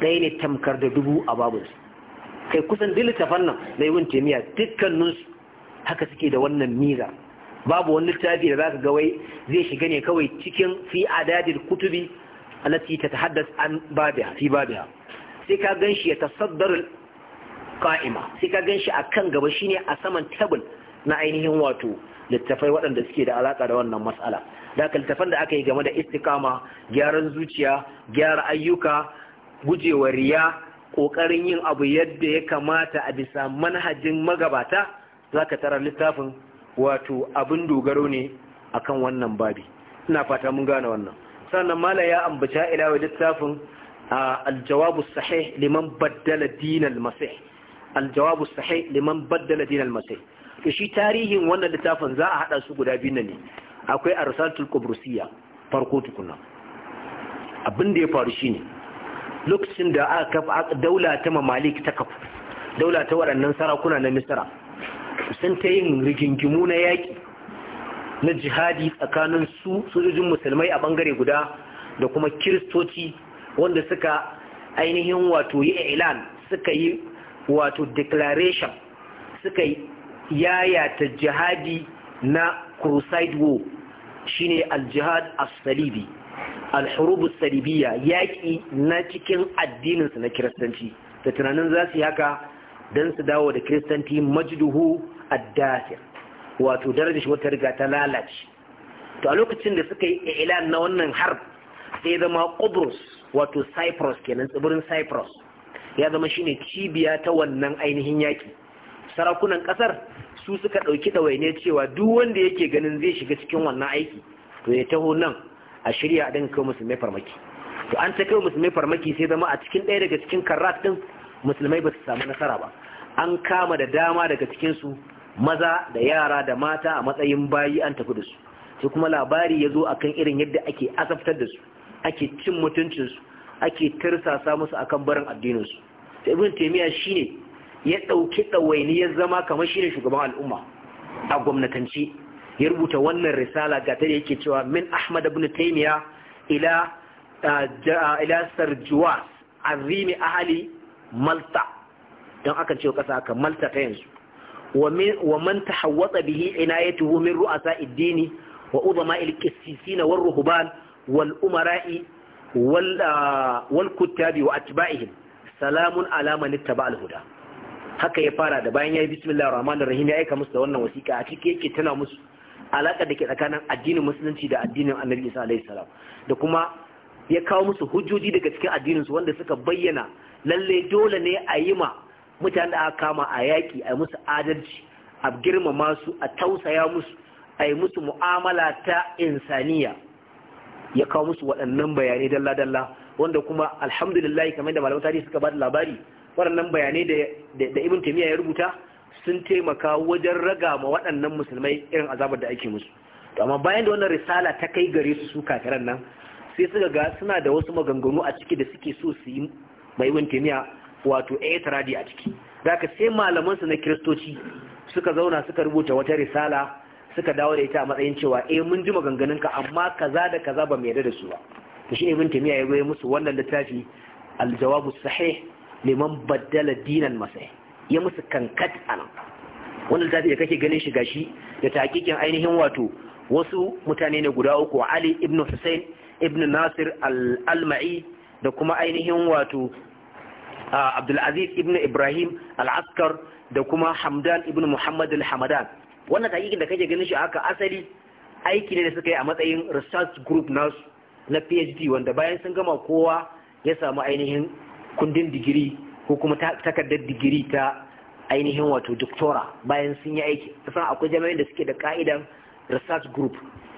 ɗaya ne tamkar da dubu a babus kai kusan duk littafan nan na ibn timiya dukkaninsu haka suke da wannan miza babu wani littafi da za ka ga wai zai shiga ne kawai cikin fi adadil kutubi التي تتحدث عن بابها في ka سيكا غنشي يتصدر القائمة سيكا غنشي أكن غبشيني أسمن تبل na ainihin wato littafai waɗanda suke da alaƙa da wannan matsala da aka littafan da aka yi game da istikama gyaran zuciya gyara ayyuka gujewa riya ƙoƙarin yin abu yadda ya kamata a bisa manhajin magabata za ka tara littafin wato abin dogaro ne akan wannan babi ina fata mun gane wannan sannan mala ya ambata ila wa littafin aljawabu sahih liman baddala dinal masih aljawabu sahih liman baddala dinal masih to shi tarihin wannan littafin za a hada su guda biyu ne akwai Arsatul qubrusiyya farko tukuna abin da ya faru shine lokacin da aka kafa daula ta mamalik ta kafa daula ta waɗannan sarakuna na misra sun ta yin rigingimu na yaƙi na jihadi tsakanin su sojojin musulmai a bangare guda da kuma kiristoci wanda suka ainihin wato yi ilan suka yi wato declaration suka yayata jihadi na crusade war shine al-jihad as-salibi al-hurub as-salibiyya yaki na cikin addinin na kiristanci da tunanin za su yi haka don su dawo da kiristanci majduhu ad-dafi wato darajar wata riga ta lalace to a lokacin da suka yi ilan na wannan harb sai zama Qobrus wato Cyprus kenan tsibirin Cyprus ya zama shine cibiya ta wannan ainihin yaki sarakunan kasar su suka dauki dawaine cewa duk wanda yake ganin zai shiga cikin wannan aiki to ya taho nan a shirya din kai musulmai farmaki to an ta kai musulmai farmaki sai zama a cikin ɗaya daga cikin karrat din musulmai ba su samu nasara ba an kama da dama daga cikin su maza da yara da mata a matsayin bayi an tafi da su sai kuma labari ya zo akan irin yadda ake asaftar da su ake cin mutuncinsu ake tirsasa musu akan barin addininsu ta taimiyar shi ne ya ɗauki ɗawaini ya zama kamar ne shugaban al'umma a gwamnatance ya rubuta wannan risala ga ta yake cewa min ahmad abin Taimiyar, ila ila azimi ahali, malta don aka ce ƙasa aka malta ta yanzu wa man tahawwata bihi inayatuhu min ru'asa ad-dini wa udama al-qissisin wal wal umara'i wal salamun huda haka ya fara da bayan yayi bismillahir rahmanir rahim ya aika musu da wannan wasiƙa a cikin yake tana musu alaƙa da ke tsakanin addinin musulunci da addinin annabi isa alaihi salam da kuma ya kawo musu hujjoji daga cikin addininsu wanda suka bayyana lalle dole ne a yi ma mutane da aka kama a yaƙi a musu adalci a girmama su a tausaya musu a yi musu mu'amala ta insaniya ya kawo musu waɗannan bayanai dalla-dalla wanda kuma alhamdulillah kamar da malamta tarihi suka ba da labari waɗannan bayanai da ibn taimiyya ya rubuta sun taimaka wajen raga ma waɗannan musulmai irin azabar da ake musu amma bayan da wannan risala ta kai gare su su kafiran nan sai suka ga suna da wasu maganganu a ciki da suke so su yi mai ibn miya. wato etradi a ciki da ka sai malamansu na kiristoci suka zauna suka rubuta wata risala suka dawo da ita a matsayin cewa eh mun ji maganganunka amma kaza da kaza ba mu yarda da su ba to shi ibn tamiya ya goye musu wannan littafi al-jawabu sahih liman baddala dinan masai ya musu kankat anan wannan littafi da kake ganin shi gashi da takikin ainihin wato wasu mutane ne guda uku Ali ibn Hussein ibn Nasir al-Alma'i da kuma ainihin wato Abdulaziz ibn Ibrahim al-Askar da kuma Hamdan ibn Muhammad al-Hamadan wannan takikin da kake ganin shi aka asali aiki ne da suka yi a matsayin research group nasu na PhD wanda bayan sun gama kowa ya samu ainihin kundin digiri ko kuma takardar digiri ta ainihin wato doctora bayan sun yi aiki kasan akwai jami'an da suke da ka'idan research group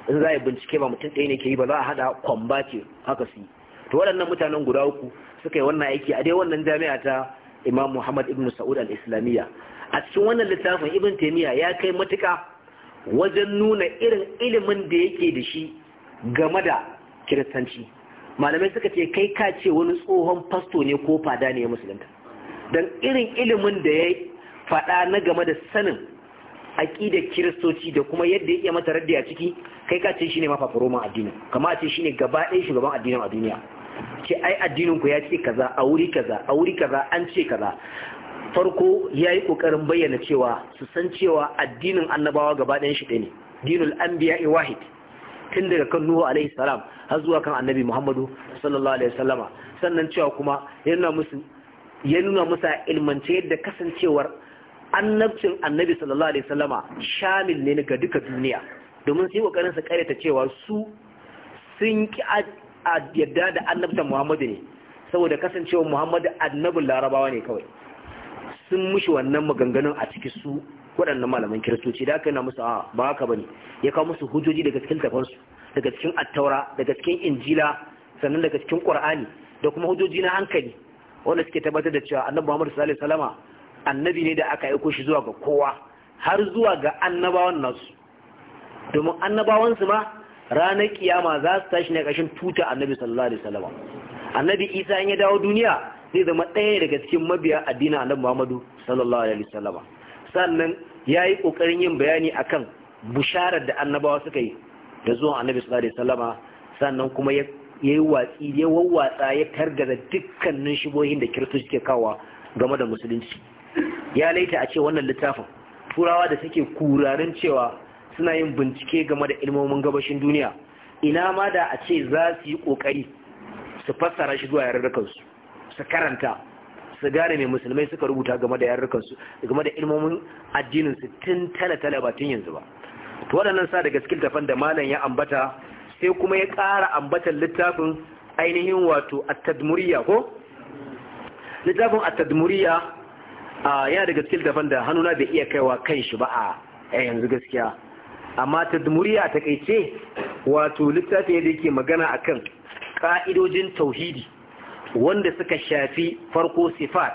in za a bincike ba mutum ɗaya ne ke yi ba za a haɗa kwamba ce haka su yi to waɗannan mutanen guda uku suka yi wannan aiki a dai wannan jami'a ta imam muhammad ibn sa'ud al-islamiyya a cikin wannan littafin ibn taimiyya ya kai matuka wajen nuna irin ilimin da yake da shi game da kiristanci malamai suka ce kai ka ce wani tsohon fasto ne ko fada ne ya musulunta don irin ilimin da ya faɗa na game da sanin aƙidar kiristoci da kuma yadda ya iya mata raddi a ciki kai ka ce shine roman addini kama a ce ne gaba ɗaya shugaban addinin a duniya ce ai addinin ku ya ce kaza a wuri kaza a wuri kaza an ce kaza farko ya yi ƙoƙarin bayyana cewa su san cewa addinin annabawa gaba ɗayan shi ɗaya ne dinul anbiya wahid tun daga kan nuhu alaihi salam har zuwa kan annabi muhammadu sallallahu alaihi wasallama sannan cewa kuma ya nuna musu ya nuna musa ilmance yadda kasancewar annabcin annabi sallallahu alaihi wasallama shamil ne ga duka duniya domin sai ƙoƙarin su karyata cewa su sun ki a yadda da annabtan Muhammadu ne saboda kasancewa Muhammadu annabin larabawa ne kawai sun mushi wannan maganganun a cikin su waɗannan malaman kiristoci da aka yana musu a ah, ba haka bane ya kawo musu hujjoji daga cikin tafansu daga cikin attaura daga cikin injila sannan daga cikin qur'ani da kuma hujjoji na hankali wanda suke tabbatar da cewa annabi muhammadu sallallahu alaihi annabi ne da aka aiko shi zuwa ga kowa har zuwa ga annabawan nasu domin annabawan su ma ranar kiyama za su tashi ne kashin tuta annabi sallallahu alaihi wasallam annabi isa in ya dawo duniya zai zama ɗaya daga cikin mabiya addinin annabi muhammadu sallallahu alaihi wasallam sannan yayi kokarin yin bayani akan busharar da annabawa suka yi da zuwan annabi sallallahu alaihi wasallam sannan kuma ya yayi watsi ya wawwatsa ya targaza dukkanin shibohin da kiristoci suke kawa game da musulunci ya laita a ce wannan littafin turawa da suke kurarin cewa suna yin bincike game da ilmomin gabashin duniya ina ma da a ce za su yi kokari su fassara shi zuwa yarurrukansu su karanta su gane mai musulmai suka rubuta game da yarurrukansu game da ilmomin addinin su tun tale-tale ba tun yanzu ba to waɗannan sa daga cikin tafan da malam ya ambata sai kuma ya ƙara ambatan littafin ainihin wato at-tadmuriyya ko littafin at-tadmuriyya yana daga cikin tafan da hannuna bai iya kaiwa kan shi ba a yanzu gaskiya amma ta murya ta kaice wato littafi da yake magana akan ka'idojin tauhidi wanda suka shafi farko sifat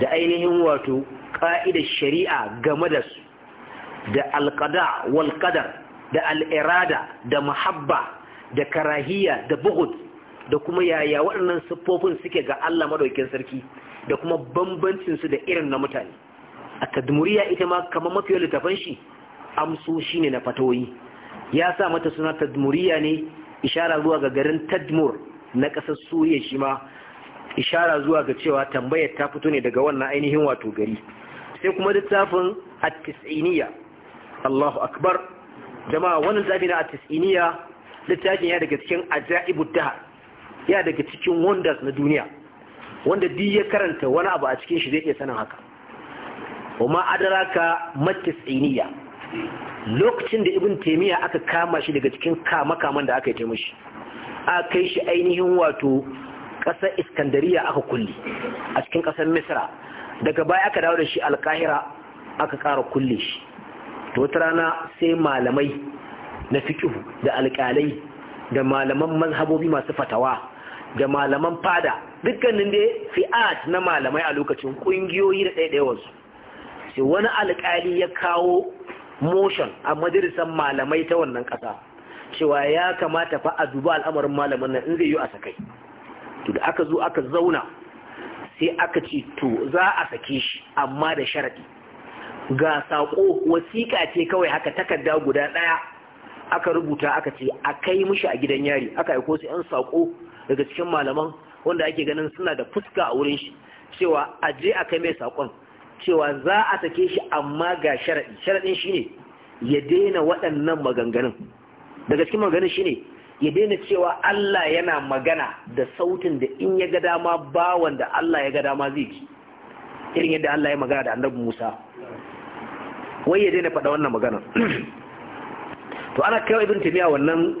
da ainihin wato ka'idar shari'a game da su da alqada wal qadar da al'irada da muhabba, da karahiya da buhud da kuma yaya waɗannan siffofin suke ga Allah maɗaukin sarki da kuma bambancinsu da irin na mutane a tadmuriya ita ma kamar mafi littafan shi amsoshi ne na fatoyi ya sa mata suna tadmuriya ne ishara zuwa ga garin tadmur na ƙasar suriya shi ma ishara zuwa ga cewa tambayar ta fito ne daga wannan ainihin wato gari sai kuma littafin at-tis'iniya Allahu akbar jama'a wannan zafi na at-tis'iniya littafin ya daga cikin ajaibud dahar ya daga cikin wonders na duniya wanda duk ya karanta wani abu a cikin shi zai iya sanin haka wa ma mat lokacin da ibn taimiyya aka kama shi daga cikin kama-kaman da aka yi taimashi a kai shi ainihin wato ƙasar iskandariya aka kulle a cikin ƙasar misra daga baya aka dawo da shi alkahira aka ƙara kulle shi to wata rana sai malamai na fiƙihu da alƙalai da malaman mazhabobi masu fatawa da malaman fada dukkanin da fi'at na malamai a lokacin ƙungiyoyi da ɗaiɗaiwarsu sai wani alƙali ya kawo motion a majalisar malamai ta wannan ƙasa cewa ya kamata fa a duba al'amarin malamin nan in zai yi a sakai to da aka zo aka zauna sai aka ce to za a sake shi amma da sharaɗi ga saƙo wasiƙa ce kawai haka takarda guda ɗaya aka rubuta aka ce a kai mishi a gidan yari aka aiko su 'yan sako daga cikin malaman wanda ake ganin suna da fuska a wurin shi cewa a je a kai mai sakon cewa za a sake shi amma ga sharaɗi sharaɗin shine ya daina waɗannan maganganun daga cikin maganganun shine ya daina cewa Allah yana magana da sautin da in ya ga dama ba wanda Allah ya ga dama zai ji irin yadda Allah ya magana da annabi Musa wai ya daina faɗa wannan maganar? to ana kai ibn tumiya wannan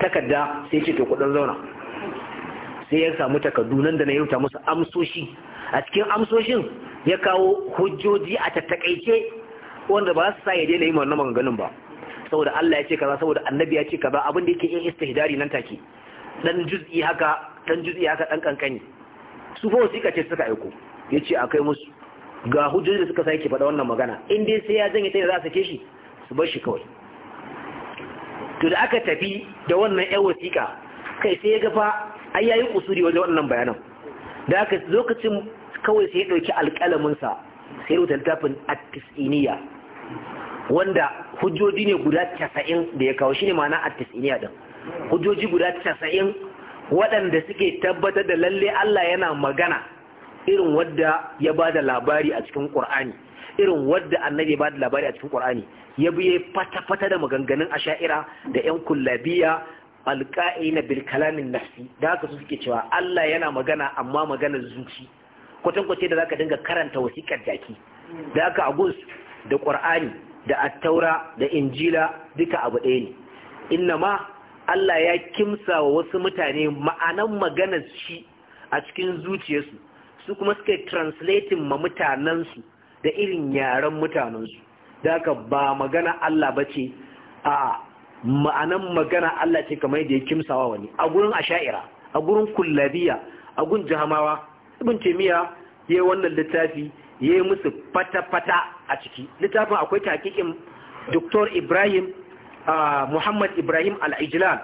takarda sai ce to kudan zauna sai ya samu takardu nan da na yi yauta musu amsoshi a cikin amsoshin ya kawo hujjoji a tattakaice wanda ba su sa ya daina yin wannan maganganun ba saboda Allah ya ce kaza saboda annabi ya ce kaza abin da yake yin istihdari nan take dan juz'i haka dan juz'i haka dan kankani su fa wasiƙa ce suka aiko yace akai musu ga hujjoji da suka sa yake faɗa wannan magana in dai sai ya janye ta da za su sake shi su bar shi kawai to da aka tafi da wannan 'yar wasiƙa kai sai ya ga fa ai yayi kusuri wajen wannan bayanan da aka lokacin kawai sai ya ɗauki alƙalaminsa sai rubuta littafin attisiniya. tisiniya wanda hujjoji ne guda casa'in da ya kawo shine ma'ana attisiniya tisiniya din hujjoji guda casa'in waɗanda suke tabbatar da lalle Allah yana magana irin wadda ya ba da labari a cikin ƙur'ani, irin wadda annabi ya ba da labari a cikin ƙur'ani ya biye fata-fata da maganganun asha'ira da 'yan kullabiya alƙa'ina bil kalamin nafsi da haka su suke cewa Allah yana magana amma maganar zuci kwatankwace da za ka dinga karanta wasikar jaki da aka agus da ƙwar'ani da attaura da injila duka abu ɗaya ne inna ma Allah ya kimsa wa wasu mutane ma'anan maganar shi a cikin zuciyarsu su kuma suka yi translating ma mutanensu da irin yaren mutanensu da aka ba magana Allah ba ce a ma'anan magana Allah ce kamar da ya kimsawa wani a gurin asha'ira a gurin kullabiya a gun jahamawa ibn taymiya yayi wannan littafi yayi musu fata-fata a ciki littafin akwai takikin Dr. Ibrahim Muhammad Ibrahim Al-Ijlan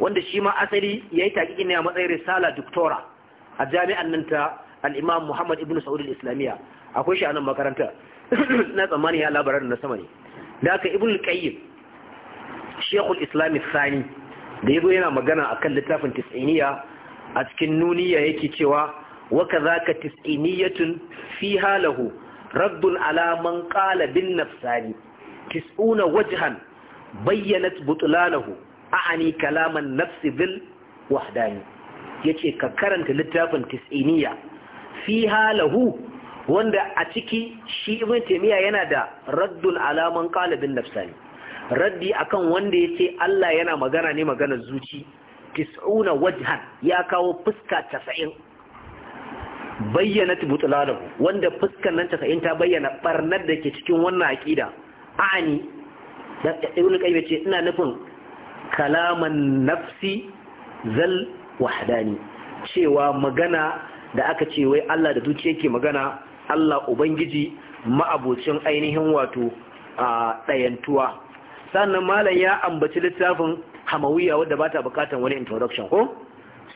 wanda shi ma asali yayi takikin ne a matsayin risala doctora a jami'an nan ta al-Imam Muhammad Ibn Saud al-Islamiyya akwai shi a nan makaranta [clears throat] na tsammani ya labarar na sama ne da aka Ibn Qayyim Sheikhul Islam Sani da yazo yana magana akan littafin Tis'iniya a cikin nuniya yake cewa wa kadhaka tis'iniyatun fiha lahu raddun alaman ƙalabin qala nafsani tis'una wajhan bayyanat butlanahu a'ani kalaman nafsi bil wahdani yace ka karanta littafin tis'iniya fiha lahu wanda a ciki shi ibn taymiya yana da raddun alaman ƙalabin nafsani raddi akan wanda yace Allah yana magana ne maganar zuci tis'una wajhan ya kawo fuska 90 Bayyana butlalahu wanda fuskan nan ta in ta bayyana barnar da ke cikin wannan aƙida. a'ani da ibnu qayyim ce ina nufin kalaman nafsi zal wahdani cewa magana da aka ce wai Allah da duke yake magana Allah ubangiji ma'abocin ainihin wato a dayantuwa sannan malam ya ambaci littafin hamawiya wadda bata bukatan wani introduction ko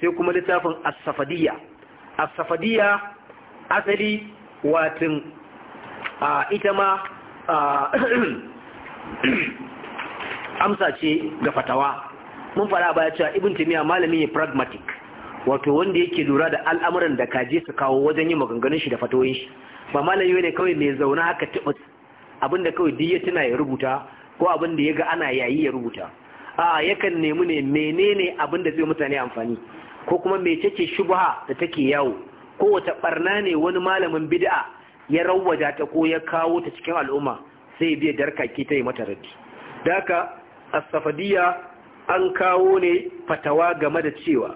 sai kuma littafin as-safadiyya Asafadiya asali watin ita ma amsa ce ga fatawa mun fara baya cewa ibin timiya malami ne pragmatic wato wanda yake lura da al'amuran da kaje su kawo wajen yin maganganun shi da fatoyin shi ba malami ne kawai mai zaune haka Abin abinda kawai duk ya tuna ya rubuta ko abin da ya ga ana yayi ya rubuta a yakan nemi ne menene abin da zai mutane amfani ko kuma mecece shubha da take yawo ko wata barna ne wani malamin bid'a ya rawwada ta ko ya kawo ta cikin al'umma sai biya darkaki ta yi mata raddi daka as-safadiyya an kawo ne fatawa game da cewa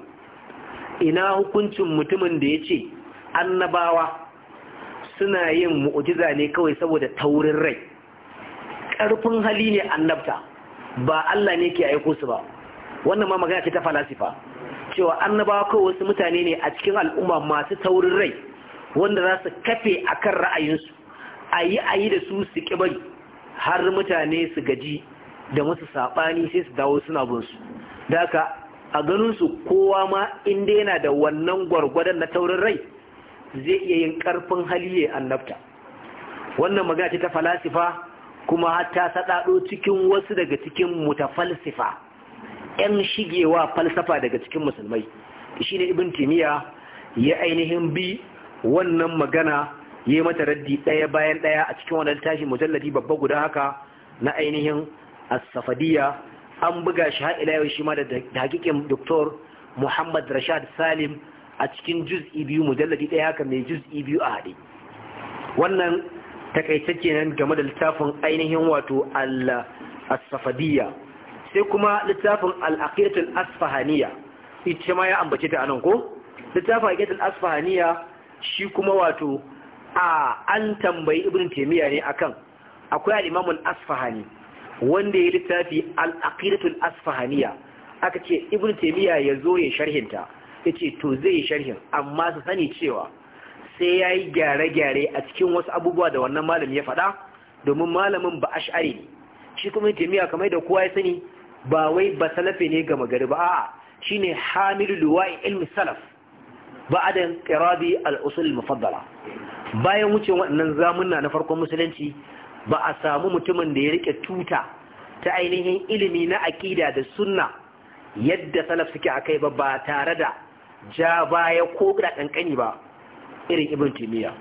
ina hukuncin mutumin da yace annabawa suna yin mu'ujiza ne kawai saboda taurin rai karfin hali ne annabta ba Allah ne ke aiko su ba wannan ma magana ce ta falasifa cewa annabawa kawai wasu mutane ne a cikin al'umma masu taurin rai wanda za su kafe a kan ra'ayinsu a yi a yi da su su ƙibari har mutane su gaji da masu saɓani sai su dawo suna binsu da haka a ganinsu kowa ma inda yana da wannan gwargwadon na taurin rai zai iya yin ƙarfin hali ya annabta wannan magana ce ta falasifa kuma ta saɗaɗo cikin wasu daga cikin mutafalsifa 'yan shigewa falsafa daga cikin musulmai shi ne ibn timiya ya ainihin bi wannan magana ya yi mata raddi ɗaya bayan ɗaya a cikin wani tashi mujalladi babba guda haka na ainihin asafadiya an buga shi har ila yau shi ma da hakikin doktor muhammad rashad salim a cikin juz'i biyu mujalladi ɗaya haka mai juz'i biyu a haɗe wannan takaitacce nan game da littafin ainihin wato al-safadiyya sai kuma littafin al asfahaniya ita ma ya ambace ta anan ko littafin aqidatul asfahaniya shi kuma wato a an tambayi ibn taimiyya ne akan akwai al’imamun asfahani wanda ya littafi al asfahaniya aka ce ibn taimiyya ya zo ya sharhinta ce to zai yi sharhin amma su sani cewa sai ya yi gyare-gyare a cikin wasu abubuwa da wannan malami ya faɗa domin malamin ba ash'ari ne shi kuma taymiya kamar da kowa ya sani ba wai ba salafi ne ga gari ba shi ne hamilu luwa'i ilmi salaf ba da da ƙirabi al’usul mafaddala bayan wuce waɗannan zamunna na farkon musulunci ba a samu mutumin da ya rike tuta ta ainihin ilimi na aƙida da sunna yadda salaf suke a kai ba ba tare da ja baya ko da kankani ba irin ibn timiya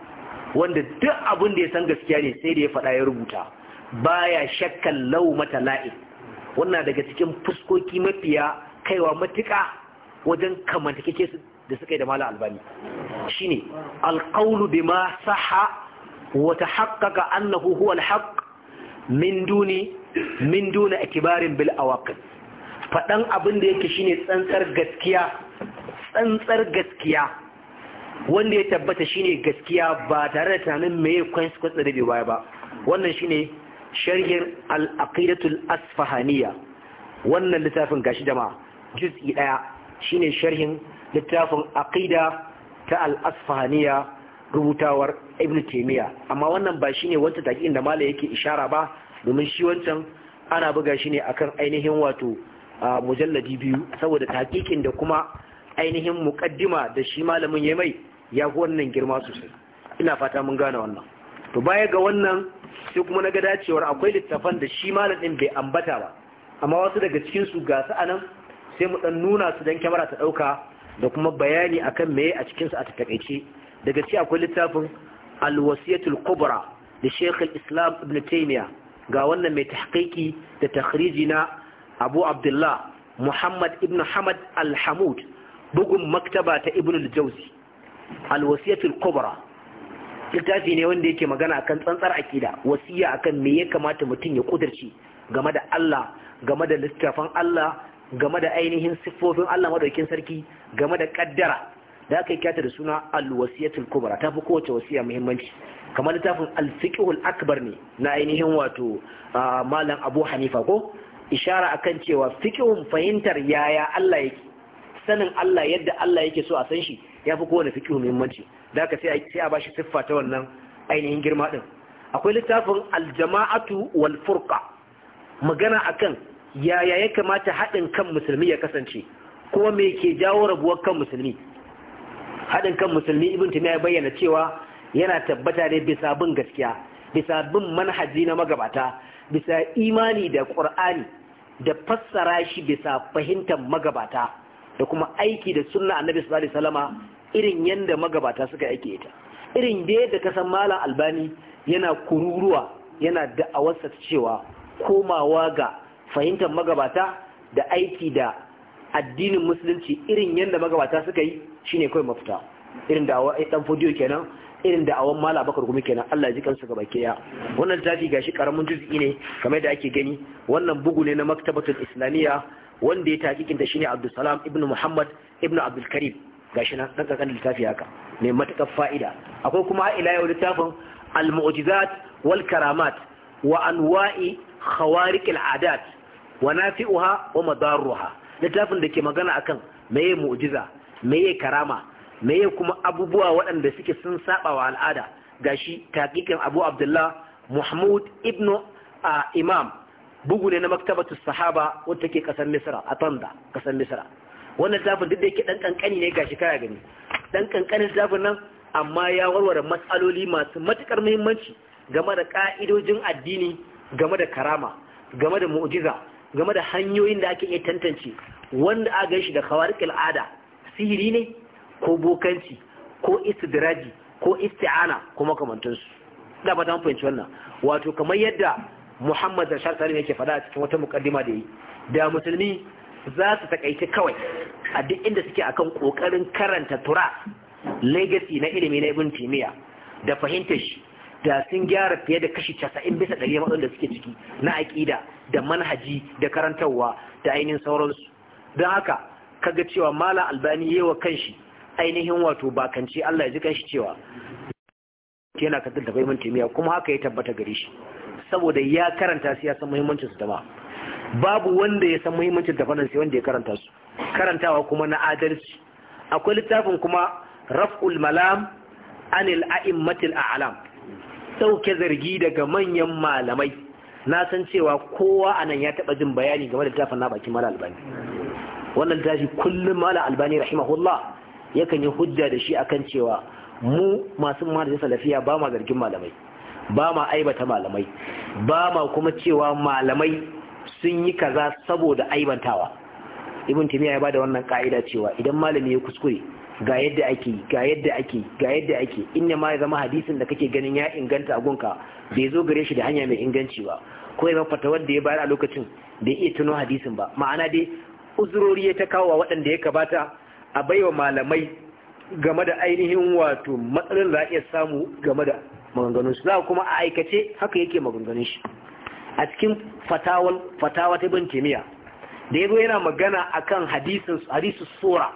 wanda duk abin da ya san gaskiya ne sai da ya faɗa ya rubuta baya shakkan lau mata la'in wannan daga cikin fuskoki mafiya kaiwa matuka wajen kamantakeke su da suka yi da mala albani shine alqawlu bima sahha wa tahaqqaqa annahu huwa alhaq min duni min duni kibarin bil awaqib faɗan abin da yake shine tsantsar gaskiya tsantsar gaskiya wanda ya tabbata shi ne gaskiya ba tare da tunanin kwanci kwanci da bai baya ba wannan shi ne. sharhin al’aƙidatul asfahaniya wannan littafin gashi dama juz'i ɗaya shine sharhin littafin aƙida ta al'asfahaniya rubutawar ibn taimiyya amma wannan ba shi ne wata takin da mala yake ishara ba domin shi wancan ana buga shi ne akan ainihin wato a mujalladi biyu saboda taƙiƙin da kuma ainihin muƙaddima da shi malamin ya mai ya fi wannan girma sosai ina fata mun gane wannan to baya ga wannan sai kuma na gada dacewar akwai littafan da shi malam din bai ambata ba amma wasu daga cikin su ga su anan sai mu dan nuna su dan kyamara ta ɗauka da kuma bayani akan meye a cikin su a takaice daga ci akwai littafin al kubra da Sheikh al-Islam Ibn Taymiyyah ga wannan mai tahqiqi da takhriji na Abu Abdullah Muhammad Ibn Hamad Al-Hamud bugun maktaba ta Ibn al-Jawzi al kubra littafi ne wanda yake magana akan tsantsar akida wasiya akan me ya kamata mutum ya kudurci game da Allah game da littafin Allah game da ainihin siffofin Allah madaukin sarki game da kaddara da aka yi kyata da suna al-wasiyatul kubra ta fi kowace wasiya muhimmanci kamar littafin al-fiqhul akbar ne na ainihin wato malam abu hanifa ko ishara akan cewa fiqhun fahimtar yaya Allah yake sanin Allah yadda Allah yake so a san shi ya fi kowane fiqhu muhimmanci da aka sai a bashi siffa ta wannan ainihin girma ɗin. akwai littafin aljama'atu wal furqa magana akan yaya ya kamata haɗin kan musulmi ya kasance kuma me ke jawo rabuwar kan musulmi haɗin kan musulmi ibn tumiya ya bayyana cewa yana tabbata ne bisa bin gaskiya bisa bin manhaji na magabata bisa imani da ƙur'ani da fassara shi bisa fahimtar magabata da kuma aiki da sunna annabi sallallahu alaihi wasallama irin yadda magabata suka yake ita irin da yadda ka san malam albani yana kururuwa yana da'awarsa cewa komawa ga fahimtar magabata da aiki da addinin musulunci irin yadda magabata suka yi shine kawai mafita irin da'awa dan fodiyo kenan irin da'awan mala bakar gumi kenan Allah ji kansu gaba ya wannan tafi gashi karamin juz'i ne kamar da ake gani wannan bugu ne na maktabatul islamiyya wanda ya takikin shi shine Abdul Salam ibn Muhammad ibn Abdul Karim gashi nan dan littafi haka mai matakar fa'ida akwai kuma ila yau littafin al-mu'jizat wal karamat wa anwa'i khawarik al-adat wa nafi'uha wa madarruha littafin da ke magana akan meye mu'jiza meye karama meye kuma abubuwa waɗanda suke sun saba wa al'ada gashi taqiqin Abu Abdullah Muhammad ibn ah, Imam bugu ne na maktabatu sahaba wadda ke kasar Misra a Tanda kasar Misra wannan tafin duk da yake dan kankani ne gashi kaya gani Ɗan kankanin tafin nan amma ya warware matsaloli masu matukar muhimmanci game da ka'idojin addini game da karama game da mu'jiza game da hanyoyin da ake iya tantance wanda a gan shi da khawariq al'ada sihiri ne ko bokanci ko istidraji ko isti'ana ko makamantansu da ba ta fahimci wannan wato kamar yadda Muhammad Bashar Salim yake faɗa a cikin wata mukaddima da yi da musulmi za su takaice kawai a duk inda suke akan kokarin karanta tura legacy na ilimi na ibn timiya da fahimtar shi da sun gyara fiye da kashi casa'in bisa ɗari da suke ciki na aƙida da manhaji da karantarwa da ainihin sauransu don haka kaga cewa mala albani yi wa kanshi ainihin wato bakance allah ya ji kanshi cewa yana kasar da fahimtar kuma haka ya tabbata gare shi saboda ya karanta siyasan ya su muhimmancinsu da ba babu wanda ya san muhimmancin tafanan sai wanda ya karanta su karantawa kuma na adalci akwai littafin kuma raf'ul malam anil a'immatil a'lam sauke zargi daga manyan malamai na san cewa kowa anan ya taba jin bayani game da littafin na bakin mala albani wannan littafi kullum mala albani rahimahullah yakan yi hujja da shi akan cewa mu masu malamin salafiya ba ma zargin malamai ba ma aibata malamai ba ma kuma cewa malamai sun yi kaza saboda aibantawa ibn timiya ya bada wannan ka'ida cewa idan malami ya kuskure ga yadda ake ga yadda ake ga yadda ake inna ma ya zama hadisin da kake ganin ya inganta a gunka bai zo gare shi da hanya mai inganci ba ko ya fata wanda ya bayar a lokacin bai iya tuno hadisin ba ma'ana dai uzurori ya ta kawo wa waɗanda ya kabata a baiwa malamai game da ainihin wato matsalar da iya samu game da maganganun su kuma a aikace haka yake maganganun shi a cikin fatawal fatawa ta ibn timiya da yazo yana magana akan hadisin hadisu sura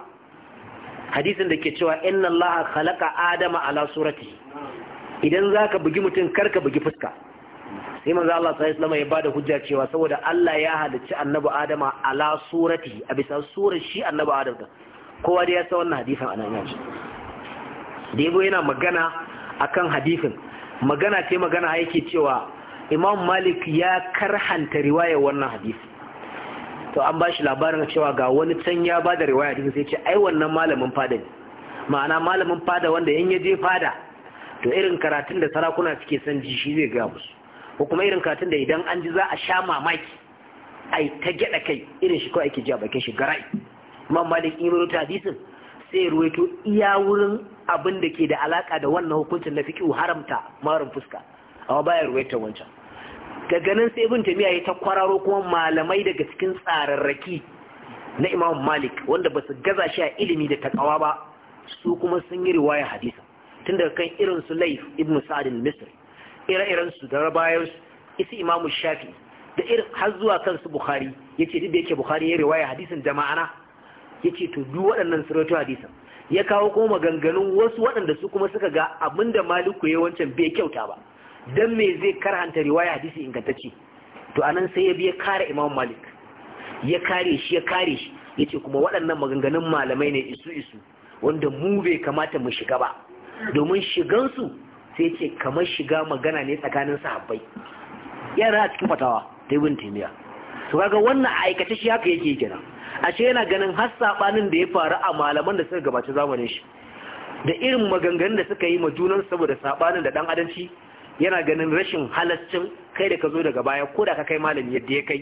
hadisin da ke cewa inna allaha khalaqa adama ala surati idan zaka bugi mutum karka bugi fuska sai manzo Allah sallallahu alaihi wasallam ya bada hujja cewa saboda Allah ya halicci annabi adama ala surati a bisa surar shi annabi adam kowa da ya san wannan hadisin anan yace. da yazo yana magana akan hadisin magana ce magana yake cewa imam malik ya karhanta riwayar wannan hadisi to an ba shi labarin cewa ga wani can ya ba da riwaya din sai ce ai wannan malamin fada ne ma'ana malamin fada wanda yan yaje fada to irin karatun da sarakuna suke son ji shi zai gaya musu ko kuma irin karatun da idan an ji za a sha mamaki ai ta gyada kai irin shi kawai ake ji a bakin shi garai imam malik in rubuta hadisin sai ruwaito iya wurin abin da ke da alaka da wannan hukuncin na fiqhu haramta marin fuska amma baya ruwaitar wancan daga nan sai ibn tamiya ya ta kwararo kuma malamai daga cikin tsararraki na imam malik wanda ba su gaza shi a ilimi da takawa ba su kuma sun yi riwaya hadisa tun daga kan irin su laif ibn sa'ad al ire-iren su da rabayar isi imamu shafi da irin har zuwa kansu bukhari yace duk da yake bukhari ya riwaya hadisin da ma'ana yace to duk waɗannan surato hadisan ya kawo kuma maganganun wasu waɗanda su kuma suka ga abinda maliku ya wancan bai kyauta ba dan me zai karanta riwaya hadisi ingantacce to anan sai ya biya kare imam malik ya kare shi ya kare shi ya kuma waɗannan maganganun malamai ne isu isu wanda mu bai kamata mu shiga ba domin su sai ce kamar shiga magana ne tsakanin sahabbai yana a cikin fatawa ta ibn taymiya to kaga wannan aikace shi haka yake kenan ashe yana ganin har sabanin da ya faru a malaman da suka gabaci zamanin shi da irin maganganun da suka yi ma junan saboda sabanin da dan adalci. yana ganin rashin halaccin kai da ka zo daga baya ko da ka kai malami yadda ya kai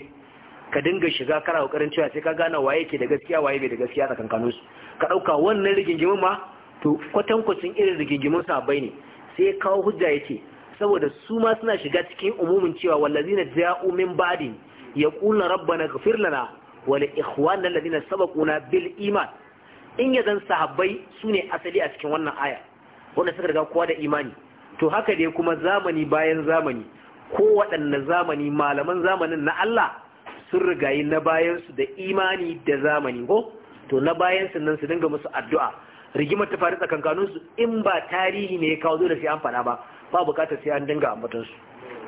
ka dinga shiga kana kokarin cewa sai ka gane waye ke da gaskiya waye bai da gaskiya kankano su ka dauka wannan rigingimin ma to kwatankwacin irin rigingimin bai ne sai ya kawo hujja yace saboda su ma suna shiga cikin umumin cewa wallazina ja'u min ba'di yaquluna rabbana ighfir lana wa li ikhwana alladhina sabaquna bil iman in yadan sahabbai sune asali a cikin wannan aya wanda suka riga kowa da imani to haka dai kuma zamani bayan zamani ko waɗanne zamani malaman zamanin na Allah sun rigayi na bayansu da imani da zamani ko to na bayansu nan su dinga musu addu'a rigimar ta faru su in ba tarihi ne ya kawo zo da sai an faɗa ba ba bukatar sai an dinga ambatansu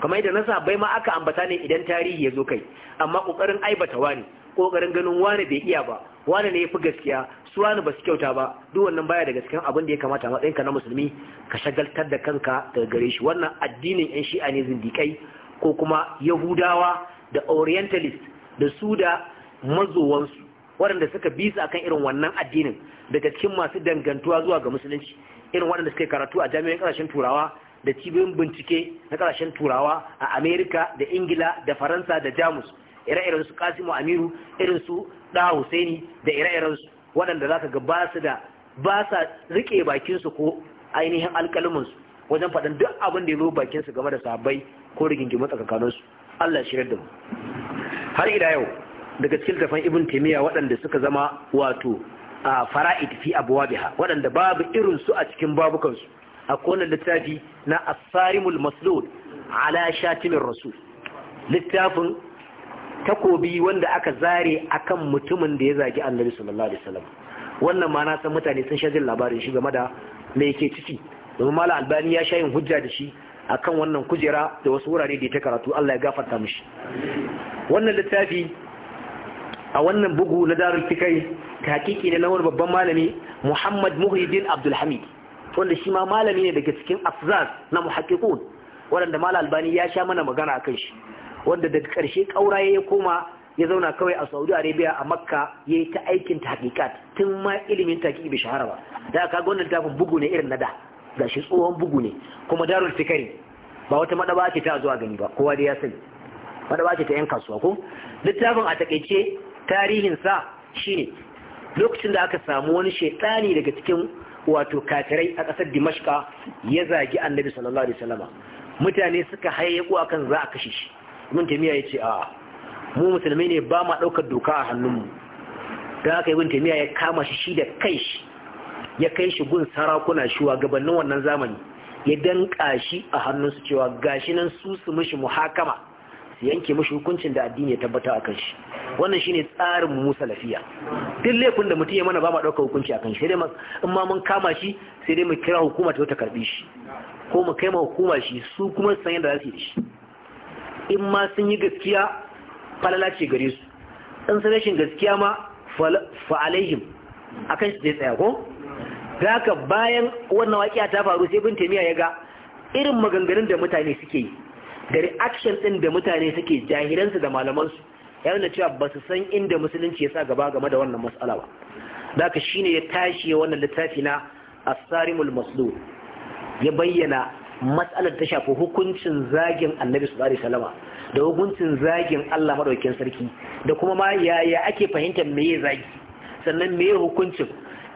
kamar yadda na bai ma aka ambata ne idan tarihi ya zo kai amma ƙoƙarin aibata wani kokarin ganin wani bai iya ba wani ne ya fi gaskiya su wani ba su kyauta ba duk wannan baya da cikin abin da ya kamata matsayinka na musulmi ka shagaltar da kanka daga gare shi wannan addinin yan shi'a ne zindikai ko kuma yahudawa da orientalist da su da mazowansu waɗanda suka bi su akan irin wannan addinin daga cikin masu dangantuwa zuwa ga musulunci irin waɗanda suka yi karatu a jami'an ƙasashen turawa da cibiyoyin bincike na ƙasashen turawa a amerika da ingila da faransa da jamus ire-iren su Kasimu Aminu, irin su Da Husaini da ire-iren su waɗanda zaka ga ba su da ba sa rike bakin su ko ainihin alƙalumin su wajen faɗan duk abin da ya zo bakin su game da sabai ko rigingimin tsakanin su Allah shirar da mu har ila yau daga cikin tafan Ibn Taymiyyah waɗanda suka zama wato a fara'id fi abwabiha waɗanda babu irin su a cikin babukan su a kowane littafi na asarimul maslud ala shatimin rasul littafin takobi wanda aka zare a kan mutumin da ya zagi annabi sallallahu alaihi wasallam wannan ma na san mutane sun shaje labarin shi game da me yake ciki domin malam albani ya sha yin hujja da shi akan wannan kujera da wasu wurare da ta karatu Allah ya gafarta mishi wannan littafi a wannan bugu na darul fikai hakiki ne na wani babban malami Muhammad Muhyiddin Abdul Hamid wanda shi ma malami ne daga cikin afzaz na muhaqqiqun wanda malam albani ya sha mana magana akan shi wanda daga ƙarshe ƙaura ya koma ya zauna kawai a saudi arabia a makka ya yi ta aikin ta hakikat tun ma ilimin ta bi shahara ba da aka wannan tafin bugu ne irin na da ga shi tsohon bugu ne kuma darul fikari ba wata madaba ce ta zuwa gani ba kowa da ya sani madaba ce ta yan kasuwa ko littafin a takaice tarihin sa shine lokacin da aka samu wani shaitani daga cikin wato kafirai a ƙasar dimashka ya zagi annabi sallallahu alaihi wasallama mutane suka hayayyaku akan za a kashe shi ibn ya yace a mu musulmai ne ba ma daukar doka a hannunmu dan haka ibn taymiya ya kama shi shi da kai shi ya kai shi gun sarakuna gabanin wannan zamani ya danka shi a hannunsu cewa gashi nan su su mishi muhakama su yanke mishi hukuncin da addini ya tabbata a kan shi wannan shine tsarin mu salafiya duk laifin da mutum ya mana ba ma ɗaukar hukunci a kan shi sai dai in ma mun kama shi sai dai mu kira hukuma ta ta karbi shi ko mu kai ma hukuma shi su kuma san yadda za su yi shi in ma sun yi gaskiya falala ce gare su in sun rashin gaskiya ma fa'alaihim kan shi zai tsaya ko da haka bayan wannan waƙiya ta faru sai bin taimiyya ya ga irin maganganun da mutane suke yi da reaction ɗin da mutane suke jahiransu da malamansu ya da cewa ba su san inda musulunci ya sa gaba game da wannan matsala ba da haka shine ya tashi wannan littafi na asarimul maslu ya bayyana matsalar ta shafi hukuncin zagin annabi su alaihi salama da hukuncin zagin Allah madaukakin sarki da kuma ma yaya ake fahimtar meye zagi sannan meye hukuncin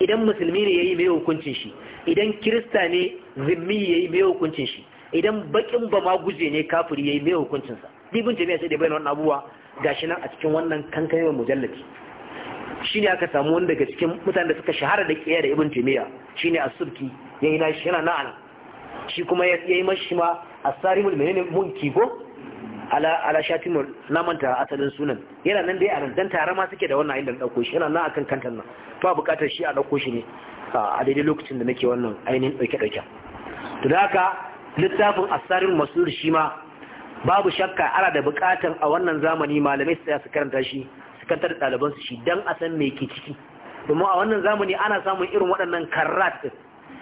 idan musulmi ne yayi meye hukuncin shi idan kirista ne zimmi yayi meye hukuncin shi idan bakin ba ma guje ne kafiri yayi yi hukuncin sa dibin jami'a sai da bayan wannan abubuwa gashi nan a cikin wannan kankanin mujallati ne aka samu wani daga cikin mutanen da suka shahara da kiyaya da ibn jami'a shine asubki yayi na shi yana na'ana shi kuma ya yi mashi ma asarimul menene mulki ko ala ala shatimul na manta asalin sunan yana nan dai a nan dan tare ma suke da wannan inda dauko shi yana nan akan kantan nan ba bukatar shi a dauko shi ne a daidai lokacin da nake wannan ainihin ɗauke-ɗauke. to da haka littafin asarimul masur shi ma babu shakka ana da bukatar a wannan zamani malamai su tsaya su karanta shi su kantar da ɗalibansu shi dan a san me ke ciki domin a wannan zamani ana samun irin waɗannan karrat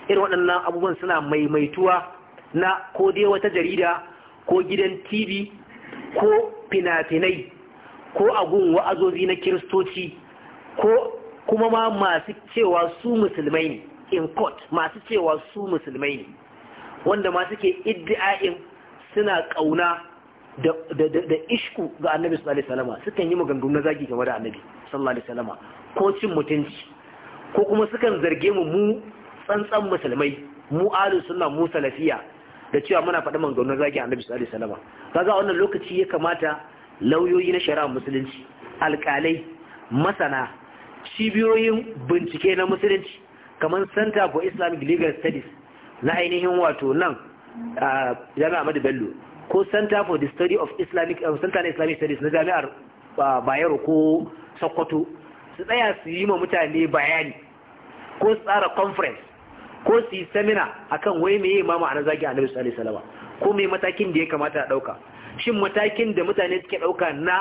irin waɗannan abubuwan suna maimaituwa na ko dai wata jarida ko gidan tv ko finafinai, ko agun wa'azozi na kiristoci ko kuma ma masu cewa su musulmai ne in court masu cewa su musulmai ne wanda masu ke iddi'a'in suna ƙauna da ishku ga annabi sallallahu alaihi wasallam sukan yi maganganu na zagi game da annabi sallallahu alaihi ko cin mutunci ko kuma sukan zarge mu mu tsantsan musulmai mu alu sunna mu salafiya da cewa muna faɗa manganun zagin annabi sallallahu alaihi wasallam kaga wannan lokaci ya kamata lauyoyi na shari'a musulunci alƙalai masana cibiyoyin bincike na musulunci kamar center for islamic legal studies na ainihin wato nan a jami'a Ahmadu Bello ko center for the study of islamic eh, center na islamic studies na jami'ar Bayero ko Sokoto su tsaya su yi ma mutane bayani ko tsara conference ko su yi samina akan wai meye ma ma'ana zagi nabi sallallahu alaihi wasallam ko me matakin da ya kamata a dauka shin matakin da mutane suke dauka na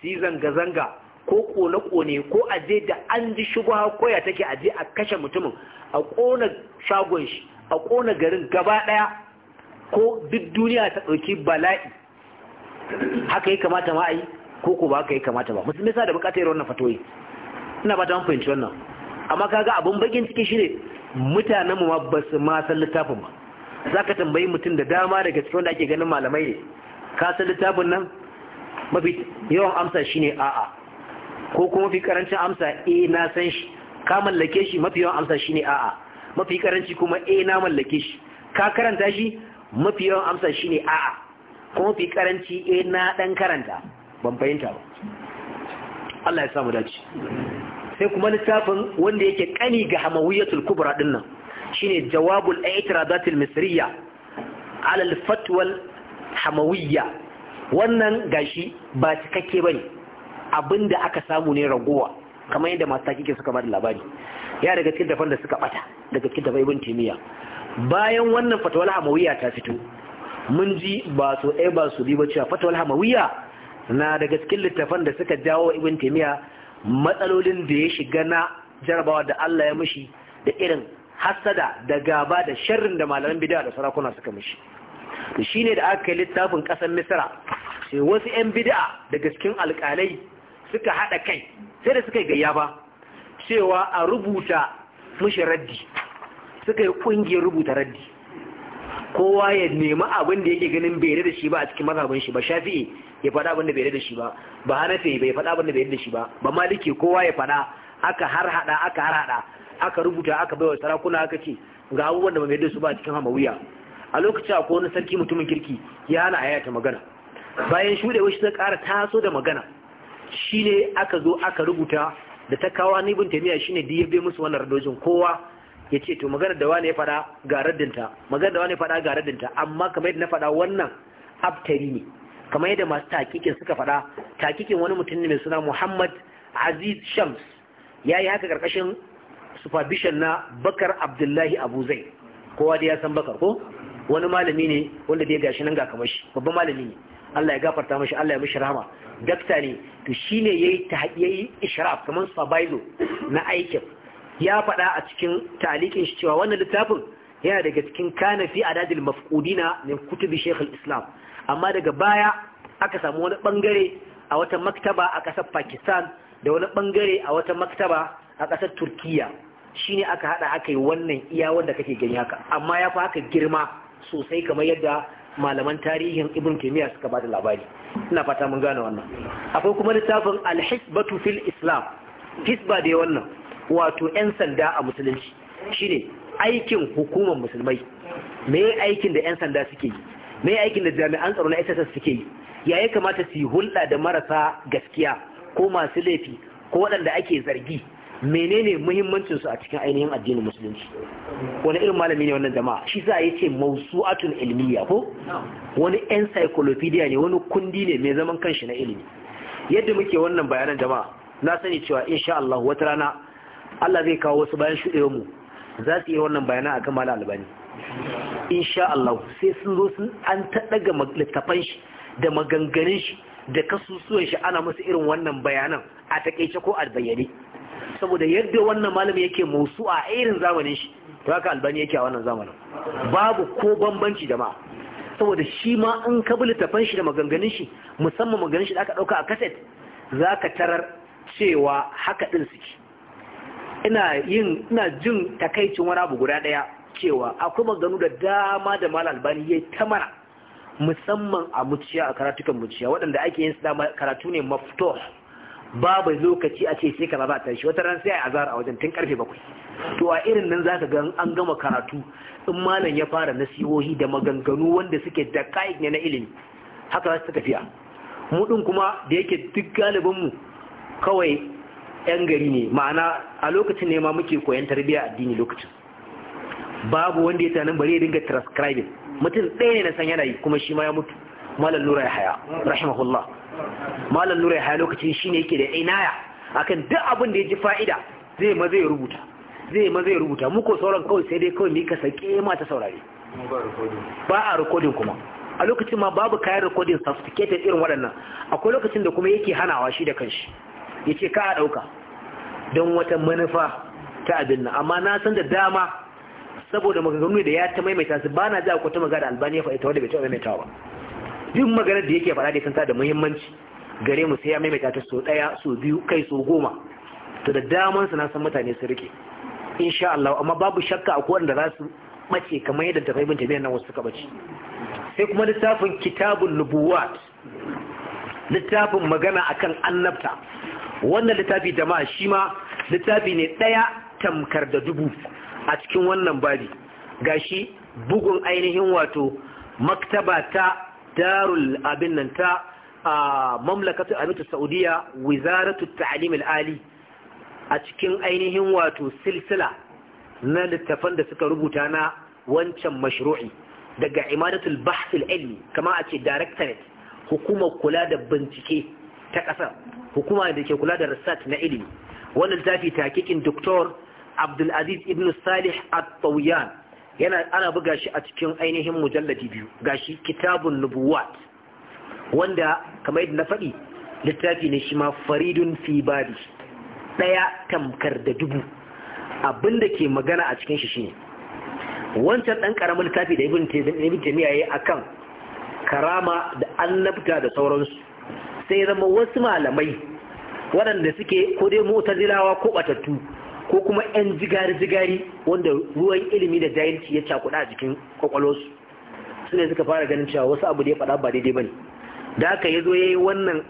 su zanga zanga ko kone kone ko aje da an ji shubha koya take aje a kashe mutumin a kona shagon shi a kona garin gaba daya ko duk duniya ta dauki bala'i haka ya kamata ma a ko ko ba haka ya kamata ba musulmi sa da bukatar wannan fatoyi ina ba ta fahimci wannan amma kaga abun bakin ciki shine mutanen mu ba su ma san littafin ba zaka tambayi mutum da dama daga cikin wanda ake ganin malamai ne ka san littafin nan mafi yawan amsa shine a'a ko kuma mafi karancin amsa e na san shi ka mallake shi mafi yawan amsa shine a'a mafi karanci kuma e na mallake shi ka karanta shi mafi yawan amsa shine a'a ko mafi karanci e na dan karanta ban fahimta ba Allah ya samu dace sai kuma littafin wanda yake kani ga hamawiyatul kubra din nan shine jawabul i'tiradatil misriya ala al-fatwal hamawiyya wannan gashi ba cikakke bane abinda aka samu ne ragowa kamar yadda masu kike suka bada labari ya daga cikin dafan da suka bata daga cikin dafan ibn timiya bayan wannan fatwal hamawiyya ta fito mun ji ba so ɗaya ba su biyu ba cewa fatwal hamawiyya na daga cikin littafan da suka jawo ibn timiya matsalolin da ya shiga na jarabawa da Allah ya mushi da irin hasada da gaba da sharrin da malaman bid'a da sarakuna suka mishi to shine da aka kai littafin kasar Misra sai wasu 'yan bid'a daga cikin alƙalai suka haɗa kai sai da suka gayya ba cewa a rubuta mushi raddi suka yi ƙungiyar rubuta raddi kowa ya nemi abin da yake ganin bai da shi ba a cikin mazhabin shi ba shafi'i ya faɗa abin da bai da shi ba ba hanafi bai faɗa abin da bai da shi ba ba maliki kowa ya faɗa aka har hada aka har hada aka rubuta aka bai wa sarakuna aka ce ga abubuwan da bai da su ba a cikin hamawiya a lokacin akwai wani sarki mutumin kirki ya hana ayata magana bayan shuɗe wasu ta ƙara taso da magana shine aka zo aka rubuta da ta kawo ni bin tamiya shine da ya bai musu wannan radojin kowa ya ce to magana da wani ya ga raddinta magana da wani ya faɗa ga raddinta amma kamar yadda na faɗa wannan aftari ne kamar yadda masu takikin suka faɗa takikin wani mutum ne mai suna Muhammad Aziz Shams ya yi haka karkashin supervision na Bakar Abdullahi Abu Zai kowa da ya san Bakar ko wani malami ne wanda ya gashi nan ga kamar shi babban malami ne Allah ya gafarta mashi Allah ya mishi rahama dakta ne to shine yayi ta yayi ishraf kamar supervisor na aikin ya faɗa a cikin talikin shi cewa wannan littafin yana daga cikin kana fi adadil mafqudina min kutubi shaykh islam amma daga baya aka samu wani bangare a wata maktaba a ƙasar Pakistan da wani bangare a wata maktaba a ƙasar Turkiya ne aka haɗa aka yi wannan iya wanda kake gani haka amma ya fi haka girma sosai kamar yadda malaman tarihin Ibn kimiyya suka ba da labari ina fata mun gane wannan akwai kuma littafin al-hisbatu fil islam hisba da wannan wato 'yan sanda a musulunci shine aikin hukumar musulmai me aikin da 'yan sanda suke yi me aikin da jami'an tsaro na SSS suke yi ya yi kamata su yi hulɗa da marasa gaskiya ko masu laifi ko waɗanda ake zargi menene muhimmancinsu a cikin ainihin addinin musulunci wani irin malami ne wannan jama'a shi za a yi ce mausu'atun ilmiya ko wani encyclopedia ne wani kundi ne mai zaman kanshi na ilimi yadda muke wannan bayanan jama'a na sani cewa insha Allah wata rana Allah zai kawo wasu bayan shuɗewar mu za su yi wannan bayana akan kamar albani insha Allah sai sun zo sun an ta littafan shi da maganganun shi da kasusuwan shi ana musu irin wannan bayanan a taƙaice ko a bayyane saboda yadda wannan malami yake musu a irin zamanin shi to haka albani yake a wannan zamanin babu ko bambanci jama'a saboda shi ma in ka bi littafan shi da maganganun shi musamman maganganun shi da aka ɗauka a kaset za ka tarar cewa haka din suke ina yin ina jin takaicin wani abu guda daya cewa akwai maganu da dama da mal albani yayi ta mana musamman a muciya a karatukan muciya waɗanda ake yin dama karatu ne mafto babu lokaci a ce sai ka ba ta shi wata ran sai a a wajen tun karfe bakwai to a irin nan zaka ga an gama karatu in malam ya fara nasihohi da maganganu wanda suke da ne na ilimi haka za su tafiya mu din kuma da yake duk galibin mu kawai 'yan gari ne ma'ana a lokacin ne ma muke koyan tarbiyya addini lokacin babu wanda ya tunanin bari ya dinga transcribing mutum ɗaya ne na san yana kuma shi ma ya mutu malam nura ya haya rahimahullah malam nura ya haya lokacin shi ne yake da inaya akan duk abin da ya ji fa'ida zai ma zai rubuta zai ma zai rubuta mu sauran kawai sai dai kawai mika sake ma ta saurari. ba a rikodin kuma a lokacin ma babu kayan rikodin sophisticated irin waɗannan akwai lokacin da kuma yake hanawa shi da kanshi ya ce ka a ɗauka don wata manufa ta abin nan amma na san da dama saboda maganganu da ya ta maimaita su ba na ji akwai ta magana albani ya faɗi ta wanda bai ta maimaita ba Yin maganar da yake faɗa da santa da muhimmanci gare mu sai ya maimaita ta so ɗaya so biyu kai so goma to da daman su na san mutane su rike insha Allah amma babu shakka akwai wanda za su bace kamar yadda ta bin tabiyan nan wasu suka bace sai kuma littafin kitabun nubuwat littafin magana akan annabta wannan littafi da ma shi ma littafi ne ɗaya tamkar da dubu a cikin wannan ga shi bugun ainihin wato maktaba ta darul abin nan ta a mamlakatu abinta saudiya wizaratu ta'alim ali a cikin ainihin wato silsila na littafan da suka rubuta na wancan mashru'i daga imadatul bahsul ilmi kama a ce directorate hukumar kula da bincike ta ƙasar hukuma da ke kula da research na ilimi wannan littafi takikin doktor abdulaziz ibn salih at tawiyan yana ana buga shi a cikin ainihin mujalladi biyu gashi kitabun nubuwat wanda kamar yadda na faɗi littafi ne shi ma faridun fi babi ɗaya tamkar da dubu abinda ke magana a cikin shi shine wancan ɗan ƙaramin littafi da ibn taymiya yayi akan karama da annabta da sauransu sai zama wasu malamai waɗanda suke ko dai zilawa ko ɓatattu ko kuma 'yan jigari-jigari wanda ruwan ilimi da jahilci ya cakuɗa a jikin kwakwalwarsu su ne suka fara ganin cewa wasu abu da ya faɗa ba daidai ba ne da aka ya zo ya yi wannan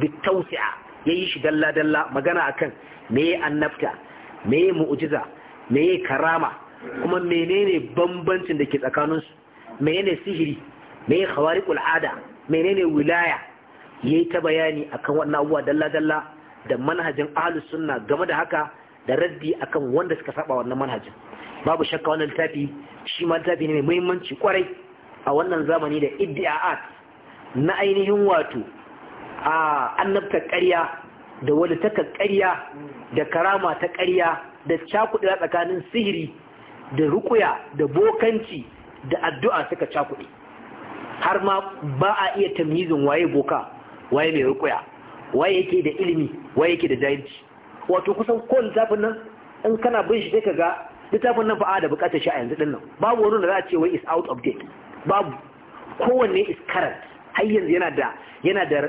bitausi'a ya yi shi dalla-dalla magana akan me ya annabta me ya mu'ujiza me ya karama kuma menene bambancin da ke tsakaninsu me ne sihiri me ya khawariqul ƙul'ada menene wilaya ya yi ta bayani akan wannan abubuwa dalla dalla da manhajin ahlus sunna game da haka da raddi akan wanda suka saba wannan manhajin babu shakka wannan littafi shi ma littafi ne mai muhimmanci kwarai a wannan zamani da iddi'a'at na ainihin wato a annabta ƙarya da wani ta ƙarya da karama ta ƙarya da cakuɗe tsakanin sihiri da rukuya da bokanci da addu'a suka cakuɗe har ma ba a iya tamizin waye boka waye mai rukuya waye yake da ilimi waye yake da jahilci wato kusan ko littafin nan in kana bin shi ka ga littafin nan fa'a da bukatar shi a yanzu din nan babu wani da za a ce wai is out of date babu kowanne is current har yanzu yana da yana da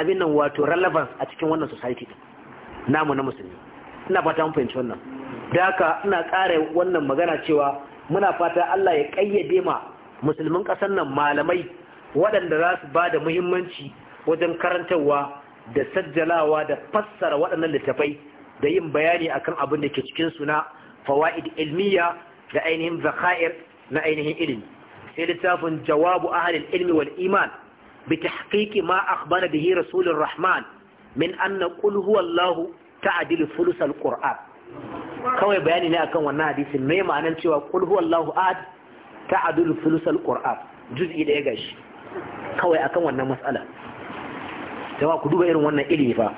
abin nan wato relevance a cikin wannan society namu na musulmi ina fata mun fahimci wannan da haka ina ƙara wannan magana cewa muna fata Allah ya kayyade ma musulmin ƙasar nan malamai waɗanda za su ba da muhimmanci wajen karantarwa da sajjalawa da fassara waɗannan littafai da yin bayani akan abin da ke cikin suna fawaid ilmiya da ainihin zakair na ainihin ilimi sai littafin jawabu ahalil ilmi wal iman bi tahqiqi ma akhbara bihi rasulur rahman min anna qul huwallahu ta'dilu thuluthal qur'an kawai bayani ne akan wannan hadisin me ma'anar cewa qul huwallahu ahad ta adul fulusal qur'an juz'i da ya gashi kawai akan wannan matsala jama ku duba irin wannan ilimi fa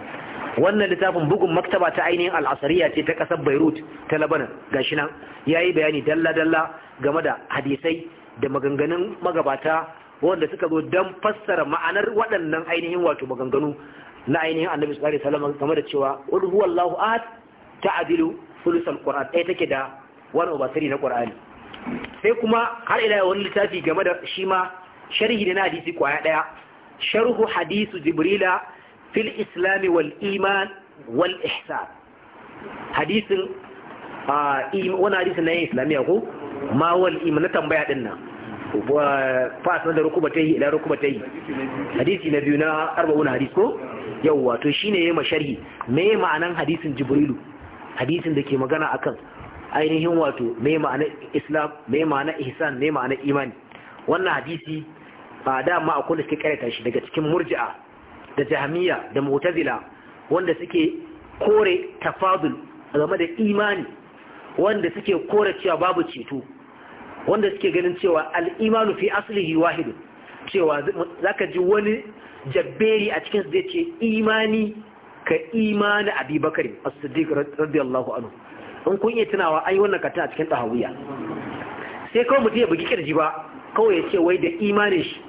wannan littafin bugun maktaba ta ainihin al'asariya ce ta kasar beirut ta lebanon gashi nan ya yi bayani dalla-dalla game da hadisai da maganganun magabata wanda suka zo dan fassara ma'anar waɗannan ainihin wato maganganu na ainihin annabi sallallahu alaihi salama game da cewa qul huwallahu ahad ta'dilu adilu qur'an ɗaya take da wani obasiri na qur'ani. sai kuma har ila wani littafi game da shi ma sharhi da na hadisi kwaya daya sharhu hadisu jibrila fil islami wal iman wal ihsan hadisin wani hadisin na yin islamiyya ko ma wal iman na tambaya din nan fas na da rukubatai ila rukubatai hadisi na biyu na wani hadis ko Yau to shine yayi sharhi me ma'anan hadisin jibrilu hadisin da ke magana akan ainihin wato mai ma'ana islam mai ma'ana ihsan mai ma'ana imani wannan hadisi ba da ma akwai da suke karanta shi daga cikin murji'a da jahmiya da mu'tazila wanda suke kore tafadul game da imani wanda suke kore cewa babu ceto wanda suke ganin cewa al-imanu fi aslihi wahidun cewa zaka ji wani jabberi a cikin zai ce imani ka imani abubakar as-siddiq radiyallahu anhu in kun iya tunawa ai wannan katin a cikin ɗahawiya sai kawai mutum ya bugi kirji ba kawai ya ce wai da imanin shi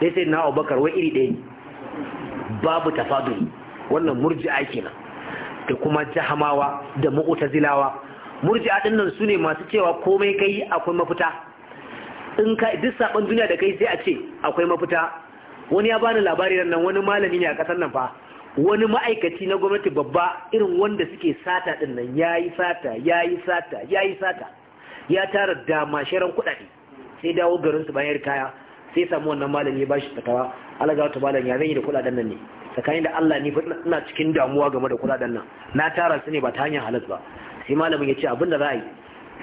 sai sai na abubakar wai iri ɗaya babu tafadul wannan murji'a kenan da kuma jahamawa da murji murji'a ɗinnan nan ne masu cewa komai kai akwai mafita in ka duk sabon duniya da kai sai a ce akwai mafita wani ya bani labari nan wani malami ne a kasar nan fa wani ma'aikaci na gwamnati babba irin wanda suke sata din nan yi sata ya yi sata ya yi sata ya tara damasharan kuɗaɗe sai dawo garin su bayar kaya sai samu wannan malami ya bashi fatawa Allah ga malam ya zan yi da kuɗaɗen nan ne tsakanin da Allah ni ina cikin damuwa game da kuɗaɗen nan na tara su ne ba ta hanyar halas ba sai malamin ya ce abin da za a yi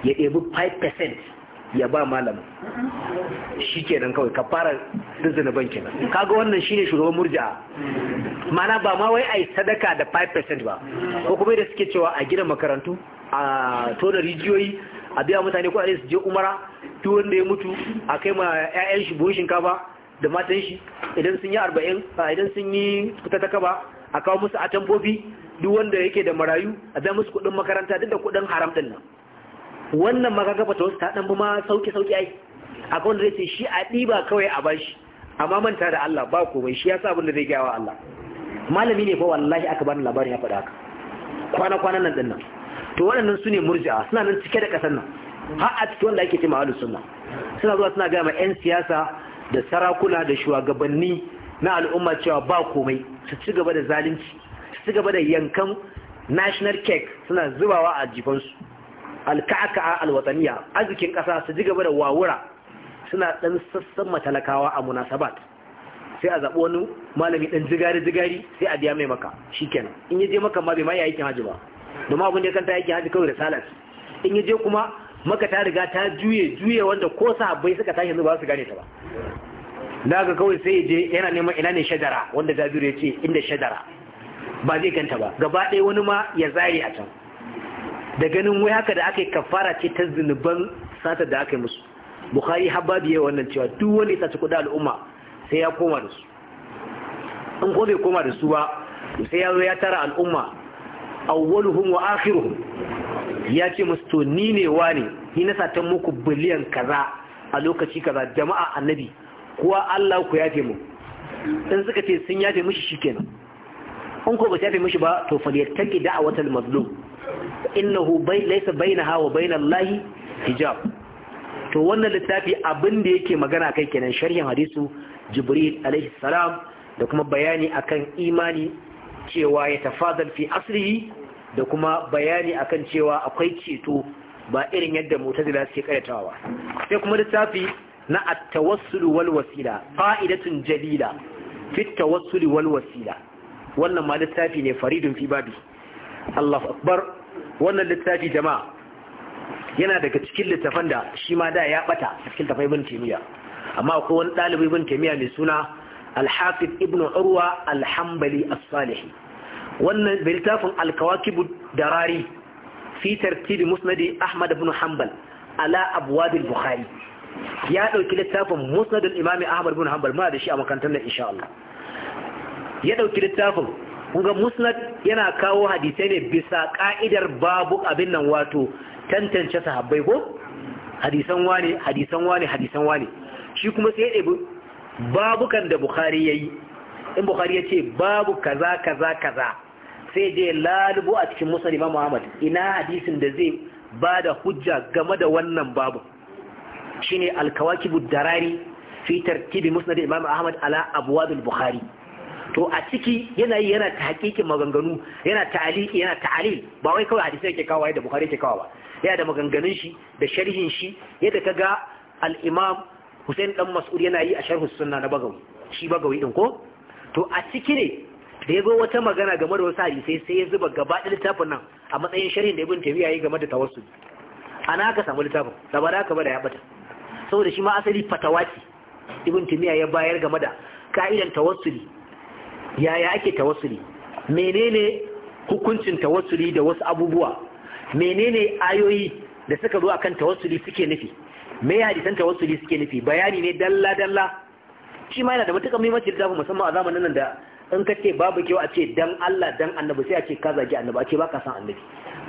ya ɗebi 5% ya ba malama shi ke nan kawai ka fara banki bankin kaga wannan shine shugaban murja mana ba ma wai a yi sadaka da 5% ba ko kuma da suke cewa a gidan makarantu a tona rijiyoyi a biya mutane ko su je umara duk wanda ya mutu a kai ma 'ya'yan shi buhun shinkafa da matan shi idan sun yi 40 idan sun yi kutataka ba a kawo musu atambobi duk wanda yake da marayu a biya musu kuɗin makaranta duk da kuɗin haram din wannan ma ta wasu ta dan ma sauki sauki ai akwai wanda zai ce shi a ɗiba kawai a bashi amma manta da Allah ba komai shi ya sa abin da zai gaya Allah malami ne ba wallahi aka bani labarin ya faɗa haka kwana kwanan nan nan, to waɗannan su ne murji'a suna nan cike da ƙasar nan har a cikin wanda ake ce ma'alus sunna suna zuwa suna gaya ma 'yan siyasa da sarakuna da shugabanni na al'umma cewa ba komai su ci gaba da zalunci su ci gaba da yankan national cake suna zubawa a jifansu alka'aka alwataniya arzikin ƙasa su ji gaba da wawura suna ɗan sassan matalakawa a munasabat sai a zaɓi wani malami ɗan jigari-jigari sai a biya mai maka shi kenan in yi je maka ma bai ma ya aikin hajji ba domin abin da ya kanta aikin hajji kawai da salat in yi je kuma maka ta riga ta juye juye wanda ko sahabbai suka tashi zuba su gane ta ba da ga kawai sai je yana neman ina ne shajara wanda jabiru ya ce inda shajara ba zai ganta ba gaba ɗaya wani ma ya zare a can da ganin wai haka da aka yi kafara ce ta zunuban satar da aka yi musu bukari habbabi ya wannan cewa duk wanda ya saci kudin al'umma sai ya koma da su in ko bai koma da su ba sai ya zo ya tara al'umma awwaluhum wa akhiruhum ya ce musu to ni ne wani ni na ta muku biliyan kaza a lokaci kaza jama'a annabi kuwa Allah ku yafe mu in suka ce sun yafe mishi shikenan in ko ba yafe mishi ba to falyattaqi da'watal mazlum innahu laysa hawa wa lahi, hijab to wannan littafi abin da yake magana kai kenan sharhin hadisu jibril alaihi salam da kuma bayani akan imani cewa ya tafadal fi asrihi da kuma bayani akan cewa akwai ceto ba irin yadda mutazila suke karatawa sai kuma littafi na at-tawassul wal wasila fa'idatun jalila fi at-tawassul wal wasila wannan ma littafi ne faridun fi babi allah akbar wannan littafi jama'a yana daga cikin littafan da shi ma da ya bata cikin tafai bin kimiyya. amma akwai wani dalibi bin kimiyya mai suna al-hafiz ibn urwa al-hanbali as-salihi wannan littafin al-kawakib darari fi tartib musnad ahmad ibn hanbal ala abwab al-bukhari ya dauki littafin musnad al-imam ahmad ibn hanbal ma da shi a makarantar nan insha Allah ya dauki littafin kunga musnad yana kawo hadisai ne bisa ka'idar babu abin nan wato tantance sahabbai ko hadisan wane hadisan wane hadisan wane shi kuma sai ya ɗebi babukan da bukhari ya yi in bukhari ya ce babu kaza kaza kaza sai dai lalubo a cikin Musa imam muhammad ina hadisin da zai ba da hujja game da wannan babu Shi ne alkawakibu darari fitar tartibi musnad imam ahmad ala abwadul bukhari to a ciki yana yi yana ta hakikin maganganu yana ta'aliki yana ta'alil ba wai kawai hadisi yake kawo da bukhari yake kawo ba yana da maganganun shi da sharhin shi yadda ka ga al-imam Hussein dan Mas'ud yana yi a sharhu sunna na Bagawi shi Bagawi din ko to a ciki ne da ya yazo wata magana game da wasu hadisi sai ya zuba gaba da littafin nan a matsayin sharhin da Ibn Taymiyyah yi game da tawassul ana ka samu littafin da ba da ka ba da ya bata saboda shi ma asali fatawa ce Ibn Taymiyyah ya bayar game da ka'idan tawassuli yaya ake tawassuli menene hukuncin tawassuli da wasu abubuwa menene ayoyi da suka zo akan tawassuli suke nufi me ya hadisan tawassuli suke nufi bayani ne dalla dalla shi ma yana da matukar muhimmanci da zafi musamman a zamanin nan da in ka ce babu kyau a ce dan Allah dan annabi sai a ce ka zagi annabi a ce baka san annabi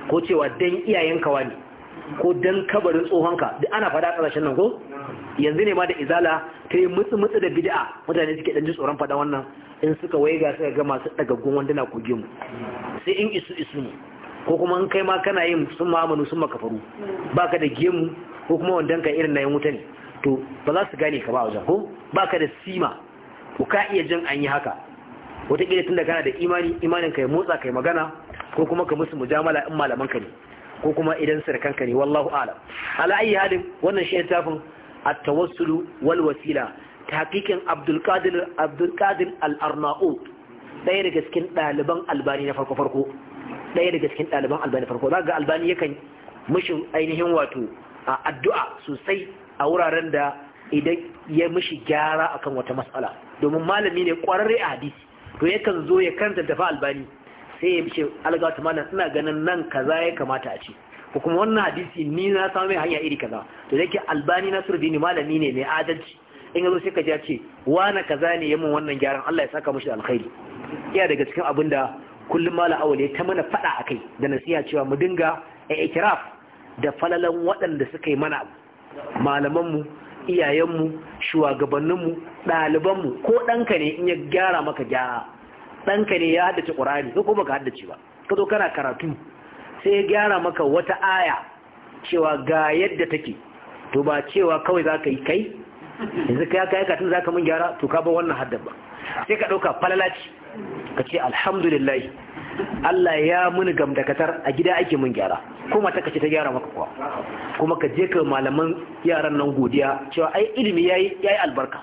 ko cewa dan iyayenka wani ko dan kabarin tsohonka duk ana fada a nan ko yanzu ne ma da izala ta yi mutsu mutsu da bid'a mutane suke dan ji tsoron fada wannan in suka ga suka ga masu dagaggun na ko gemu sai in isu isu ne ko kuma in kai ma kana yin sun ma'amanu sun makafaru baka da gemu ko kuma wandan ka irin na yi wuta ne to ba za su gane ka ba wajen ko baka da sima ko ka iya jin an yi haka wataƙila tun da kana da imani imanin ka ya motsa kai magana ko kuma ka musu mujamala in malaman ka ne ko kuma idan sarkanka ne wallahu alam ala ayi halin wannan shi tafin at-tawassul wal wasila tahqiqin Abdul Qadir Abdul Qadir al-Arnaut daya daga cikin ɗaliban albani na farko farko daya daga cikin ɗaliban albani farko zaka ga albani yakan mishin ainihin wato addu'a sosai a wuraren da idan ya mushi gyara akan wata matsala domin malami ne kwararre a hadisi to yakan zo ya karanta dafa albani sai ya ce alga wata mana suna ganin nan kaza ya kamata a ce ko kuma wannan hadisi ni na samu mai hanya iri kaza to da ke albani na surdini malami ne mai adalci in yazo sai ka ji ce wani kaza ne yamin wannan gyaran Allah ya saka mushi alkhairi iya daga cikin abin da kullum malam awali ya ta mana fada akai da nasiha cewa mu dinga ikiraf da falalan waɗanda suka yi mana malamanmu iyayenmu shugabanninmu ɗalibanmu ko ɗanka ne in ya gyara maka gyara ɗanka ne ya haddace ƙur'ani ko kuma ka haddace ba ka zo kana karatu sai ya gyara maka wata aya cewa ga yadda take to ba cewa kawai za ka yi kai yanzu ka yaka tun za ka mun gyara to ka ba wannan haddar ba sai ka ɗauka falalaci ka ce alhamdulillah Allah ya muni gamdakatar a gida ake mun gyara kuma ta kace ta gyara maka kuwa kuma ka je ka malaman yaran nan godiya cewa ai ilimi yayi yayi albarka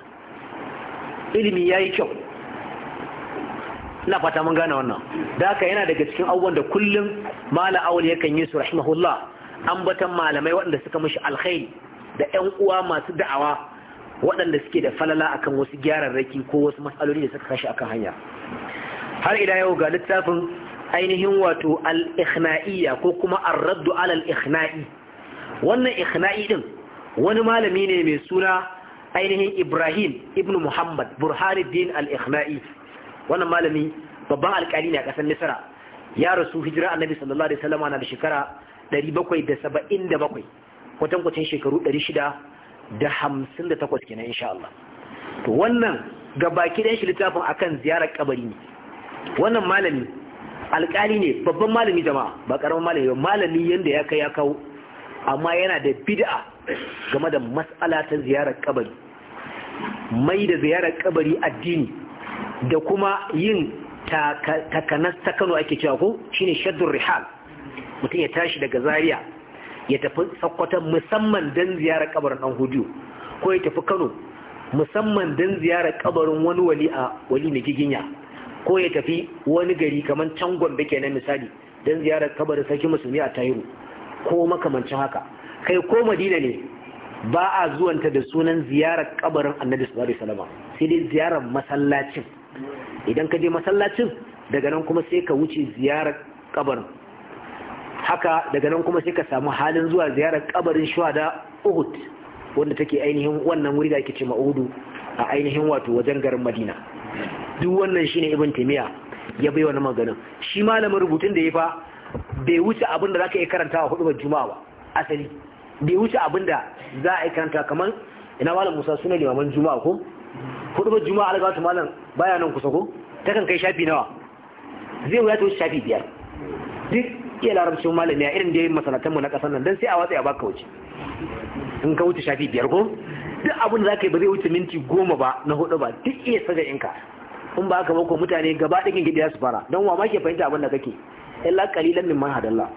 ilimi yayi kyau ina fata mun gane wannan da haka yana daga cikin abubuwan da kullum mala awul yakan yi su rahimahullah ambatan malamai waɗanda suka mishi alkhairi da ƴan uwa masu da'awa waɗanda suke da falala akan wasu gyararraki ko wasu matsaloli da suka kashi akan hanya har ila yau ga littafin ainihin wato al-ikhna'iyya ko kuma ar-raddu ala al-ikhna'i wannan ikhna'i din wani malami ne mai suna ainihin Ibrahim ibn Muhammad Burhanuddin al-Ikhna'i wannan malami babban alkali ne a ƙasar misra ya rasu hijira annabi sallallahu alaihi wasallam na da shekara 777 kwatankwacin shekaru 658 kenan insha Allah to wannan ga baki dan shi littafin akan ziyarar kabari ne wannan malami alkali ne babban malami jama'a ba karamin malami ba malami yanda ya kai ya kawo amma yana da bid'a game da mas'ala ta ziyarar kabari mai da ziyarar kabari addini da kuma yin takanas ta Kano ake cewa ko shine shaddur rihal mutum ya tashi daga Zariya ya tafi Sokoto musamman dan ziyarar kabarin dan Hudu ko ya tafi Kano musamman dan ziyarar kabarin wani wali a wali mai giginya ko ya tafi wani gari kamar can Gombe kenan misali dan ziyarar kabarin sarki musulmi a Tahiru ko makamancin haka kai ko Madina ne ba a zuwanta da sunan ziyarar kabarin Annabi sallallahu alaihi wasallam sai dai ziyarar masallacin idan ka je masallacin daga nan kuma sai ka wuce ziyarar kabarin haka daga nan kuma sai ka samu halin zuwa ziyarar kabarin shuhada uhud wanda take ainihin wannan wuri da ake ce ma'udu a ainihin wato wajen garin madina duk wannan shine ibn taymiya ya bai wannan maganin shi malamin rubutun da ya fa bai wuce abin da zaka iya karantawa hudubar juma'a ba asali bai wuce abin da za a yi karanta kamar ina malam musa suna limaman juma'a ko hudu juma'a alga wata malam baya nan kusa ko ta kan kai shafi nawa zai wuya ta wuce shafi biyar duk iya larabci malam ya irin da yi masanatanmu na kasar nan don sai a watsa ya baka wuce in ka wuce shafi biyar ko duk abin da za ka yi ba zai wuce minti goma ba na hudu ba duk iya saga inka in ba ka bako mutane gaba ɗin gidi su fara don wa ma ke fahimta abin da kake illa kalilan min manhadallah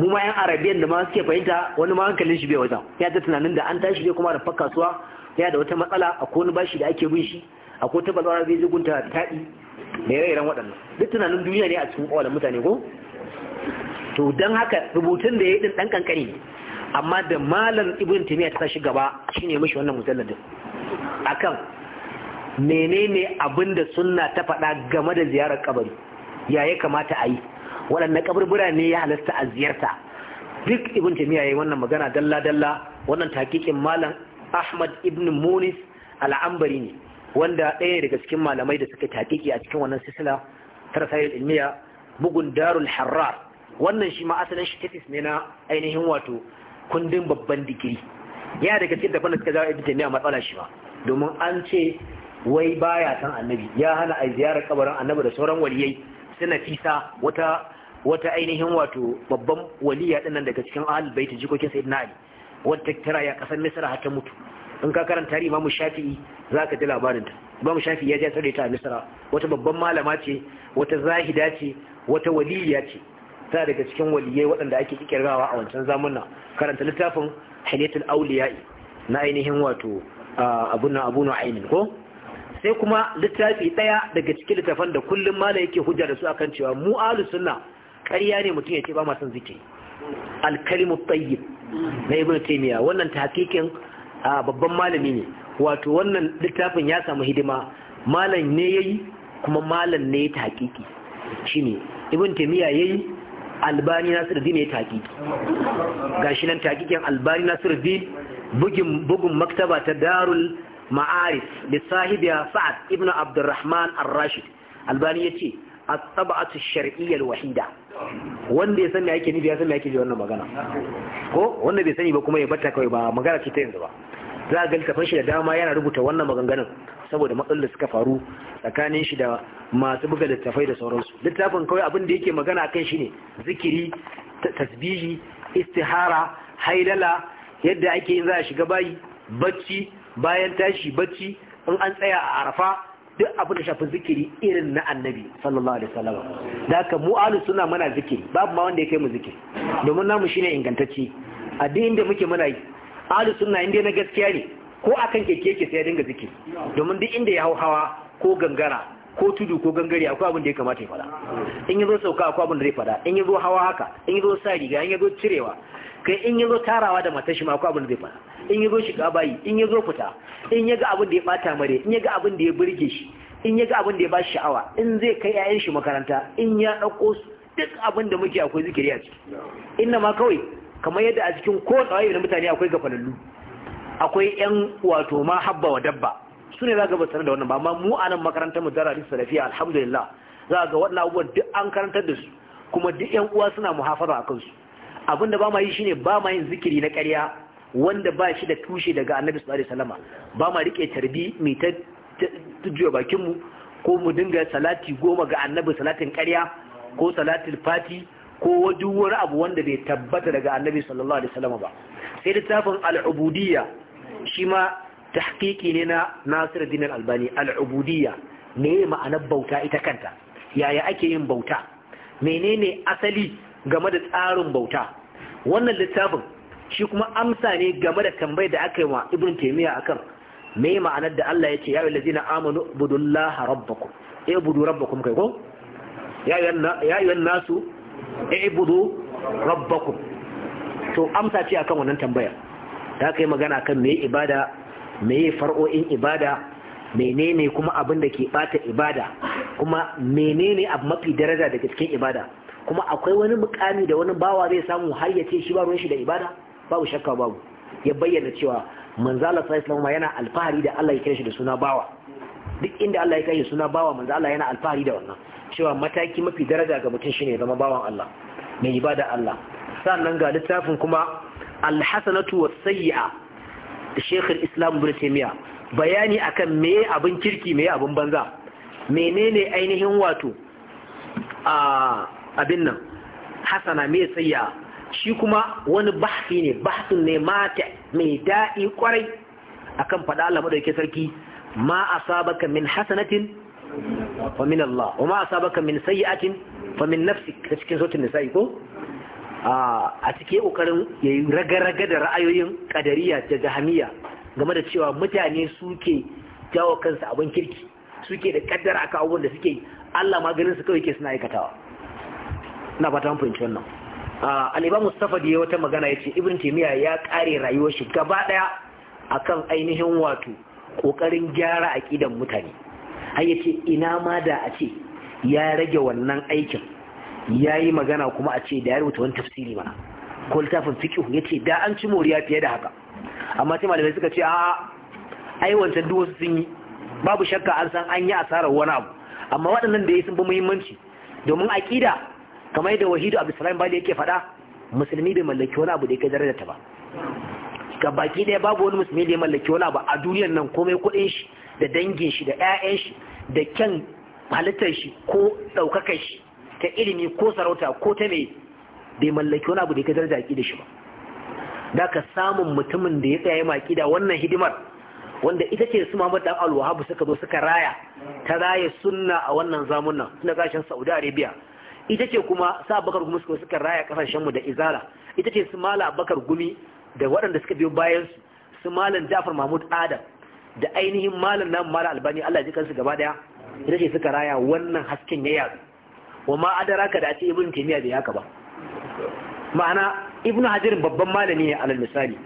mu ma yan arabiyan da ma suke fahimta wani ma hankalin shi bai wajen ya ta tunanin da an tashi bai kuma da suwa? yana da wata matsala a kone bashi da ake bin shi a ko ta balwara zai zugunta taɗi da ya rairan waɗannan duk tunanin duniya ne a cikin ƙwalan mutane ko to don haka rubutun da ya yi ɗin ɗan ƙanƙani ne amma da malam ibn timiya ta shi gaba shine mishi wannan musalladin akan menene abin da sunna ta faɗa game da ziyarar kabari ya ya kamata a yi waɗanne kaburbura ne ya halasta a ziyarta duk ibn timiya ya yi wannan magana dalla dalla wannan takikin malam ahmad ibn munis al'ambari ne wanda ɗaya daga cikin malamai da suka taƙiƙi a cikin wannan sisila ta rasayar ilmiya bugun darul harrar wannan shi ma asalin shi tafis ne na ainihin wato kundin babban digiri ya daga cikin daban da suka a ibn taymiya matsala shi ba domin an ce wai baya san annabi ya hana a ziyarar kabarin annabi da sauran waliyai suna fisa wata wata ainihin wato babban waliya dinnan daga cikin ahlul bait jikokin sayyidina ali wadda tara ya kasar misra har ta mutu in ka karanta tarihi imamu shafi'i za ka ji labarinta imamu shafi'i ya ji ta a misra wata babban malama ce wata zahida ce wata waliya ce ta daga cikin waliyai waɗanda ake kikirgawa a wancan zamanin karanta littafin hiliyatul auliya'i na ainihin wato abun na abu ainihin ko sai kuma littafi ɗaya daga cikin littafan da kullum mala yake hujja da su akan cewa mu ahlus sunna ƙarya ne mutum ya ce ba ma son zikiri alkalimu tayyib na ibn taymiya wannan ta hakikin babban malami ne wato wannan littafin ya samu hidima malam ne yayi kuma malam ne ya tahqiqi shine ibn taymiya yayi albani ne ya hakiki, gashi nan hakikin albani nasiruddin bugin bugun maktaba ta darul ma'arif da sahibiya sa'ad ibn abdurrahman ar-rashid albani yace at-tab'atu shar'iyya al-wahida wanda ya san me yake nufi ya san me yake ji wannan magana ko wanda bai sani ba kuma ya bata kawai ba magana ce ta yanzu ba za ga littafin shi da dama yana rubuta wannan maganganun saboda matsalar da suka faru tsakanin shi da masu buga littafai da sauransu littafin kawai abin da yake magana kan shi ne zikiri tasbihi istihara haidala yadda ake yin za a shiga bayi bacci bayan tashi bacci in an tsaya a arafa duk abin da shafi zikiri irin na annabi sallallahu alaihi wasallam da haka mu ahlu sunna muna zikiri babu ma wanda ya kai mu zikiri domin namu shine ingantacce addinin da muke muna yi ahlu sunna inda na gaskiya ne ko akan keke yake sai ya dinga zikiri domin duk inda ya hau hawa ko gangara ko tudu ko gangare akwai abin da ya kamata ya fada in yi zo sauka akwai abin da zai fada in yi zo hawa haka in yi zo sa riga in yi zo cirewa kai in zo tarawa da matar shi ma akwai abin da zai fada in yi zo shiga bayi in yi zo fita in yi ga abin da ya bata mare in yi yaga abin da ya burge shi in yi yaga abin da ya ba sha'awa in zai kai 'ya'yan shi makaranta in ya dauko duk abin da muke akwai zikiri a ciki inna ma kawai kamar yadda a cikin ko tsawai na mutane akwai gafalallu akwai yan wato ma habba wa dabba su ne za ga ba da wannan ba amma mu a nan makarantar mu dara salafiya alhamdulillah za ga waɗannan abubuwan duk an karantar da su kuma duk yan uwa suna muhafaza a kansu abinda ba ma yi shine ba ma yin zikiri na karya wanda ba shi da tushe daga annabi sallallahu alaihi wasallam ba ma rike tarbi mai ta tujuwa bakin mu ko mu dinga salati goma ga annabi salatin karya ko salatin fati ko duk wani abu wanda bai tabbata daga annabi sallallahu alaihi wasallam ba sai littafin al'ubudiyya shi ma tahqiqi ne na Nasiruddin Al-Albani al me ne ma'anar bauta ita kanta yaya ake yin bauta menene asali game da tsarin bauta wannan littafin shi kuma amsa ne game da tambayar da aka yi wa Ibn taimiyya akan me ma'anar da Allah ce ya ayyuhallazina amanu budullaha rabbakum E budu rabbakum kai ko ya ayyuhan nasu e budu rabbakum to amsa ce akan wannan tambayar ta kai magana kan me ibada meye far'o'in ibada menene kuma abin da ke bata ibada kuma menene abu mafi daraja daga cikin ibada kuma akwai wani mukami da wani bawa zai samu har ya ce shi ba shi da ibada babu shakka babu ya bayyana cewa manzala sallallahu alaihi yana alfahari da Allah ya kira shi da suna bawa duk inda Allah ya kai suna bawa manzo Allah yana alfahari da wannan cewa mataki mafi daraja ga mutum shine zama bawan Allah mai ibada Allah sannan ga littafin kuma alhasanatu was sayyi'a Shekhar Islam Ibn bayani akan me abin kirki me abin banza menene ainihin wato a abin nan hasana me tsayya shi kuma wani bahsi ne bahsin ne mata mai daɗi kwarai akan faɗa Allah madauke sarki ma asabaka min hasanatin fa min Allah wa ma asabaka min sayyi'atin fa min nafsik cikin sautin nisa'i ko a cike kokarin ya yi raga-raga da ra'ayoyin ƙadariya da jahamiya game da cewa mutane suke jawo kansu abin kirki suke da ƙaddar aka abubuwan da suke Allah maganin su kawai ke suna aikatawa na fata fahimci wannan aliba mustafa da ya wata magana ya ce ibn timiya ya kare rayuwar shi gaba daya akan ainihin wato kokarin gyara ƙidan mutane har yace ina ma da a ce ya rage wannan aikin ya yi magana kuma a ce da ya rubuta wani tafsiri mana ko littafin fiƙi ya ce da an ci moriya fiye da haka amma sai malamai suka ce a ai duk wasu sun yi babu shakka an san an yi asarar wani abu amma waɗannan da ya sun fi muhimmanci domin aƙida kamar yadda wahidu abdulsalam bali yake faɗa musulmi bai mallaki wani abu da ya kai ta ba ga baki ɗaya babu wani musulmi da ya mallaki wani abu a duniyar nan komai kuɗin shi da dangin shi da 'ya'yan shi da kyan halittar shi ko ɗaukakar shi ta ilimi ko sarauta ko ta mai bai mallaki wani abu da ya daraja aƙida shi ba da ka samun mutumin da ya tsaya ma aƙida wannan hidimar wanda ita ce su Muhammad dan Al-Wahhab suka zo suka raya ta raya sunna a wannan zamunan tun daga kashin Saudi Arabia ita ce kuma sa bakar gumi suka raya kasashen mu da izara ita ce su mala bakar gumi da waɗanda suka biyo bayan su malam Jafar Mahmud Adam da ainihin malam nan mala albani Allah ya ji kansu gaba daya ita ce suka raya wannan hasken ya wa ma ka da a ce ibn taymiya bai haka ba ma'ana ibn hajar babban malami ne alal misali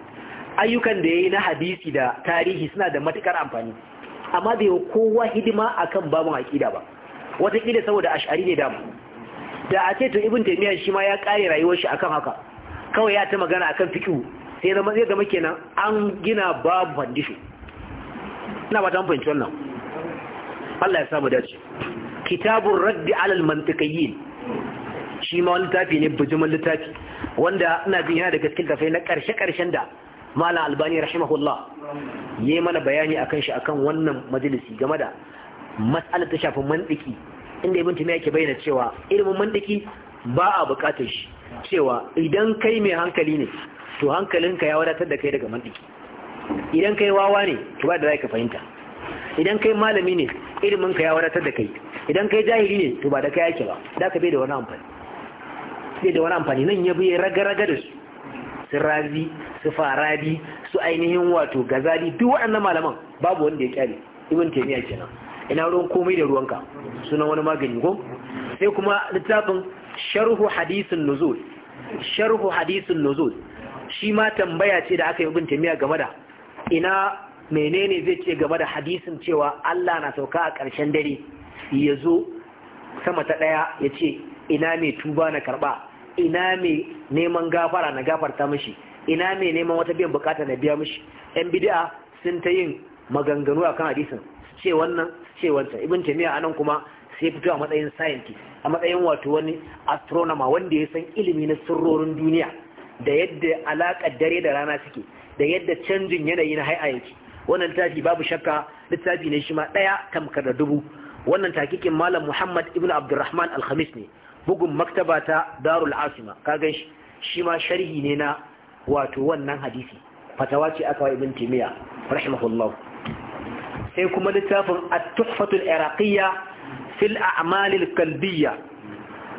ayyukan da ya yi na hadisi da tarihi suna da matukar amfani amma bai kowa hidima akan babun aqida ba wataƙila saboda ash'ari ne damu da a ce to ibn taymiya shi ma ya kare rayuwar shi akan haka kawai ya ta magana akan fiqh sai zama zai zama kenan an gina babu hadisi ina ba ta fahimci wannan Allah ya samu dace kitabun raddi alal mantiqiyyin shi ma wani littafi ne bijimin littafi wanda ina jin yana daga cikin tafai na karshe-karshen da malam albani rahimahullah yayi mana bayani akan shi akan wannan majalisi game da matsalar ta shafin mantiki inda ibn tumiya yake bayyana cewa ilimin mantiki ba a buƙatar shi cewa idan kai mai hankali ne to hankalinka ya wadatar da kai daga mantiki idan kai wawa ne to ba da za ka fahimta idan kai malami ne ka ya wadatar da kai idan kai jahili ne to ba da kai yake ba da ka bai da wani amfani bai da wani amfani nan ya bi raga-raga da su su razi su faradi, su ainihin wato gazali duk waɗannan malaman babu wanda ya kyale ibn taymiya kenan ina ruwan komai da ruwanka sunan wani magani ko sai kuma littafin sharhu hadithun nuzul sharhu hadisin nuzul shi ma tambaya ce da aka yi ibn taymiya game da ina menene zai ce game da hadisin cewa Allah na sauka a ƙarshen dare ya zo sama ta ɗaya ya ce ina mai tuba na karɓa ina mai neman gafara na gafarta mishi ina mai neman wata biyan bukata na biya mashi yan bid'a sun ta yin maganganu akan hadisin ce wannan ce wancan ibn taymiya anan kuma sai fito a matsayin scientist a matsayin wato wani astronomer wanda ya san ilimi na sirrorin duniya da yadda alaƙar dare da rana suke da yadda canjin yanayi na hai'a wannan littafi babu shakka littafi ne shi ma ɗaya tamkar da dubu wannan takikin malam muhammad ibn abdurrahman alhamis ne bugun maktaba ta darul asima kaga shi shi ma sharhi ne na wato wannan hadisi fatawa ce aka wa ibn timiya rahimahullah sai kuma littafin at-tuhfatul iraqiyya fil a'malil qalbiyya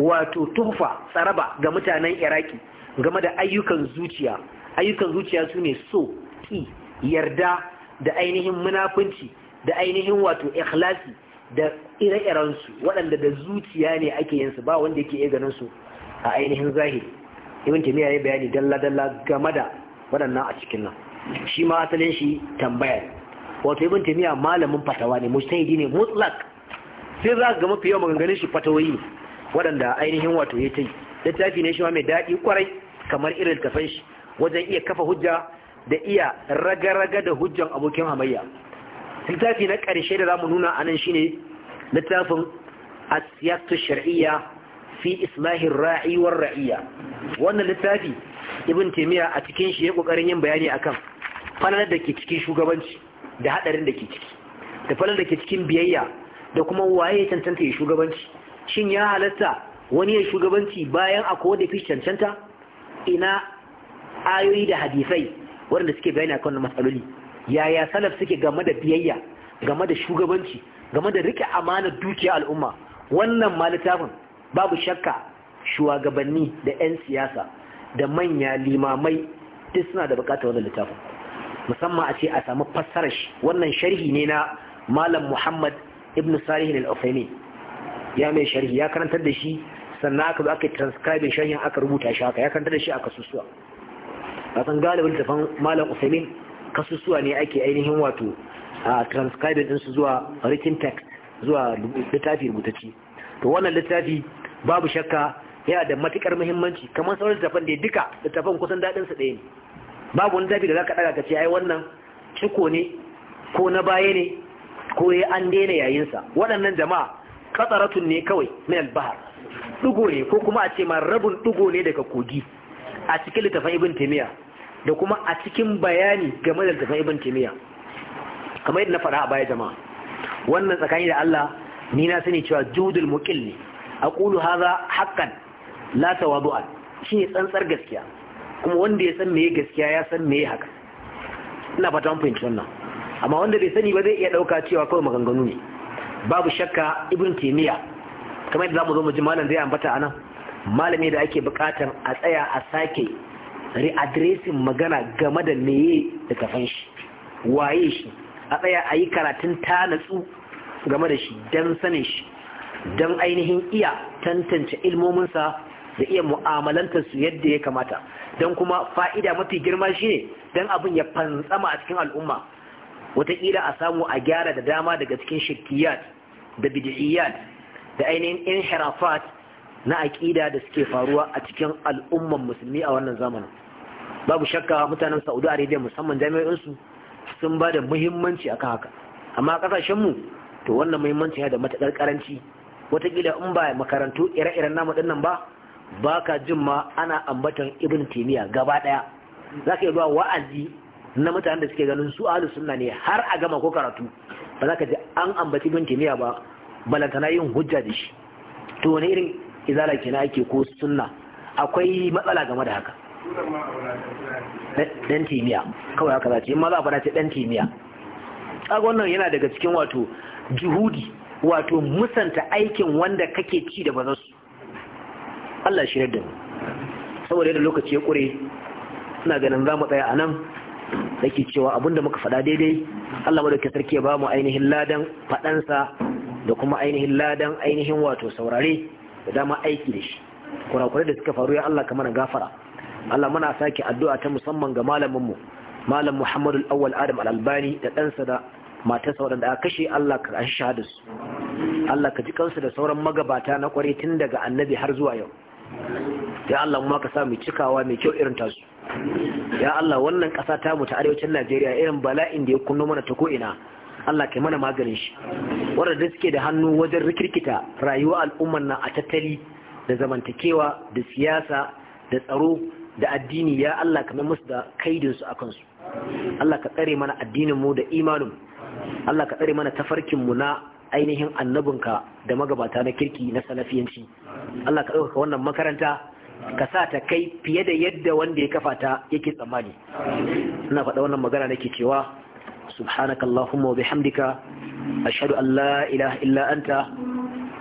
wato tuhfa tsaraba ga mutanen iraki game da ayyukan zuciya ayyukan zuciya su ne so ki yarda da ainihin munafunci da ainihin wato ikhlasi da ire-irensu waɗanda da zuciya ne ake yinsu ba wanda yake iya ganin su a ainihin zahiri ibn taymiya ya bayani dalla-dalla game da waɗannan a cikin nan shi ma asalin shi tambaya ne wato ibn taymiya malamin fatawa ne mujtahidi ne mutlak sai za ga mafi yawan maganganun shi fatawoyi ne waɗanda ainihin wato ya tayi littafi ne shi ma mai daɗi kwarai kamar irin tafan shi wajen iya kafa hujja da iya raga-raga da hujjan abokin hamayya littafi na ƙarshe da mu nuna a shi shine littafin asiyatu shar'iyya fi islahin ra'iwar ra'iyya wannan littafi ibn Taimiyya, a cikin shi ya kokarin yin bayani akan falalar da ke cikin shugabanci da haɗarin da ke ciki da falalar da ke cikin biyayya da kuma waye cancanta ya shugabanci shin ya halatta wani ya shugabanci bayan akwai wanda fi cancanta ina ayoyi da hadisai waɗanda suke bayani akan matsaloli yaya salaf suke game da biyayya game da shugabanci game da rike amanar dukiya al'umma wannan ma littafin babu shakka shugabanni da 'yan siyasa da manya limamai duk suna da bukatar wannan littafin musamman a ce a samu fassarar shi wannan sharhi ne na malam muhammad ibn salih al ufaini ya mai sharhi ya karantar da shi sannan aka zo aka transcribe sharhin aka rubuta shi haka ya karantar da shi aka susuwa. a san galibin tafan malam usaimin kasusuwa ne ake ainihin wato a transcribing ɗinsu zuwa written text zuwa littafi rubutacci to wannan littafi babu shakka yana da matukar muhimmanci kamar sauran littafan da duka littafan kusan daɗin su ɗaya ne babu wani littafi da zaka ɗaga ka ce ai wannan ciko ne ko na baya ne ko ya an daina yayin sa waɗannan jama'a katsaratun ne kawai min albahar ɗigo ne ko kuma a ce ma rabin ɗigo ne daga kogi a cikin littafan ibn taimiyya da kuma a cikin bayani game da littafin ibn timiya kamar yadda na faɗa a baya jama'a wannan tsakani da Allah ni na sani cewa judul mukil ne A hakan hadha haqqan la tawadu'an ne tsantsar gaskiya kuma wanda ya san meye gaskiya ya san meye haka ina fata mun fahimci wannan amma wanda bai sani ba zai iya ɗauka cewa kawai maganganu ne babu shakka ibn timiya kamar yadda za mu zo mu ji malam zai ambata anan malami da ake bukatan a tsaya a sake re-addressing magana game da meye kafin shi waye shi a tsaya a yi karatun ta natsu game da shi don sanin shi don ainihin iya tantance ilmominsa da iya mu'amalanta su yadda ya kamata don kuma fa'ida mafi girma shi ne don abin ya fantsama a cikin al'umma wataƙila a samu a gyara da dama daga cikin shirkiyat da bidiyat da ainihin inhirafat na aƙida da suke faruwa a cikin al'umman musulmi a wannan zamanin babu shakka mutanen saudi arabia musamman jami'ansu sun ba da muhimmanci akan haka amma mu to wannan muhimmanci ya da matakar karanci watakila in ba makarantu ire-iren namu dinnan ba baka jin ma ana ambaton ibn timiya gaba ɗaya zaka ka yi zuwa wa'azi na mutanen da suke ganin su ahlus sunna ne har a gama ko karatu ba za ji an ambaci ibn timiya ba balantana yin hujja da shi to wani irin izala kenan ake ko sunna akwai matsala game da haka dan timiya kawai haka za ce in ma za a fara ce dan timiya kaga wannan yana daga cikin wato juhudi wato musanta aikin wanda kake ci da bazan su Allah shi da mu saboda yadda lokaci ya kure ina ganin za mu tsaya a nan ke cewa abinda muka faɗa daidai Allah dauke sarki ya ba mu ainihin ladan faɗansa da kuma ainihin ladan ainihin wato saurare da dama aiki da shi kurakurai da suka faru ya Allah kamar gafara Allah muna sake addu'a ta musamman ga malaminmu malam Muhammadu Awwal Adam Al-Albani da ɗansa da matarsa waɗanda aka kashe Allah ka an su Allah ka ji kansu da sauran magabata na kwarai tun daga annabi har zuwa yau ya Allah mu ka sa mu cikawa mai kyau irin tasu ya Allah wannan ƙasa ta mu ta arewacin Najeriya irin bala'in da ya kunno mana ta ko ina Allah kai mana maganin shi waɗanda suke da hannu wajen rikirkita rayuwar al'ummar na a tattali da zamantakewa da siyasa da tsaro da addini ya Allah ka mai musu da kaidinsu a kansu Allah ka tsare mana addinin mu da imanin Allah ka tsare mana tafarkin mu na ainihin annabinka da magabata na kirki na salafiyanci Allah ka ɗauka wannan makaranta ka sa ta kai fiye da yadda wanda ya kafa ta yake tsammani ina faɗa wannan magana nake cewa subhanakallahumma wa bihamdika ashhadu an la ilaha illa anta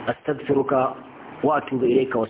astaghfiruka wa atubu ilayka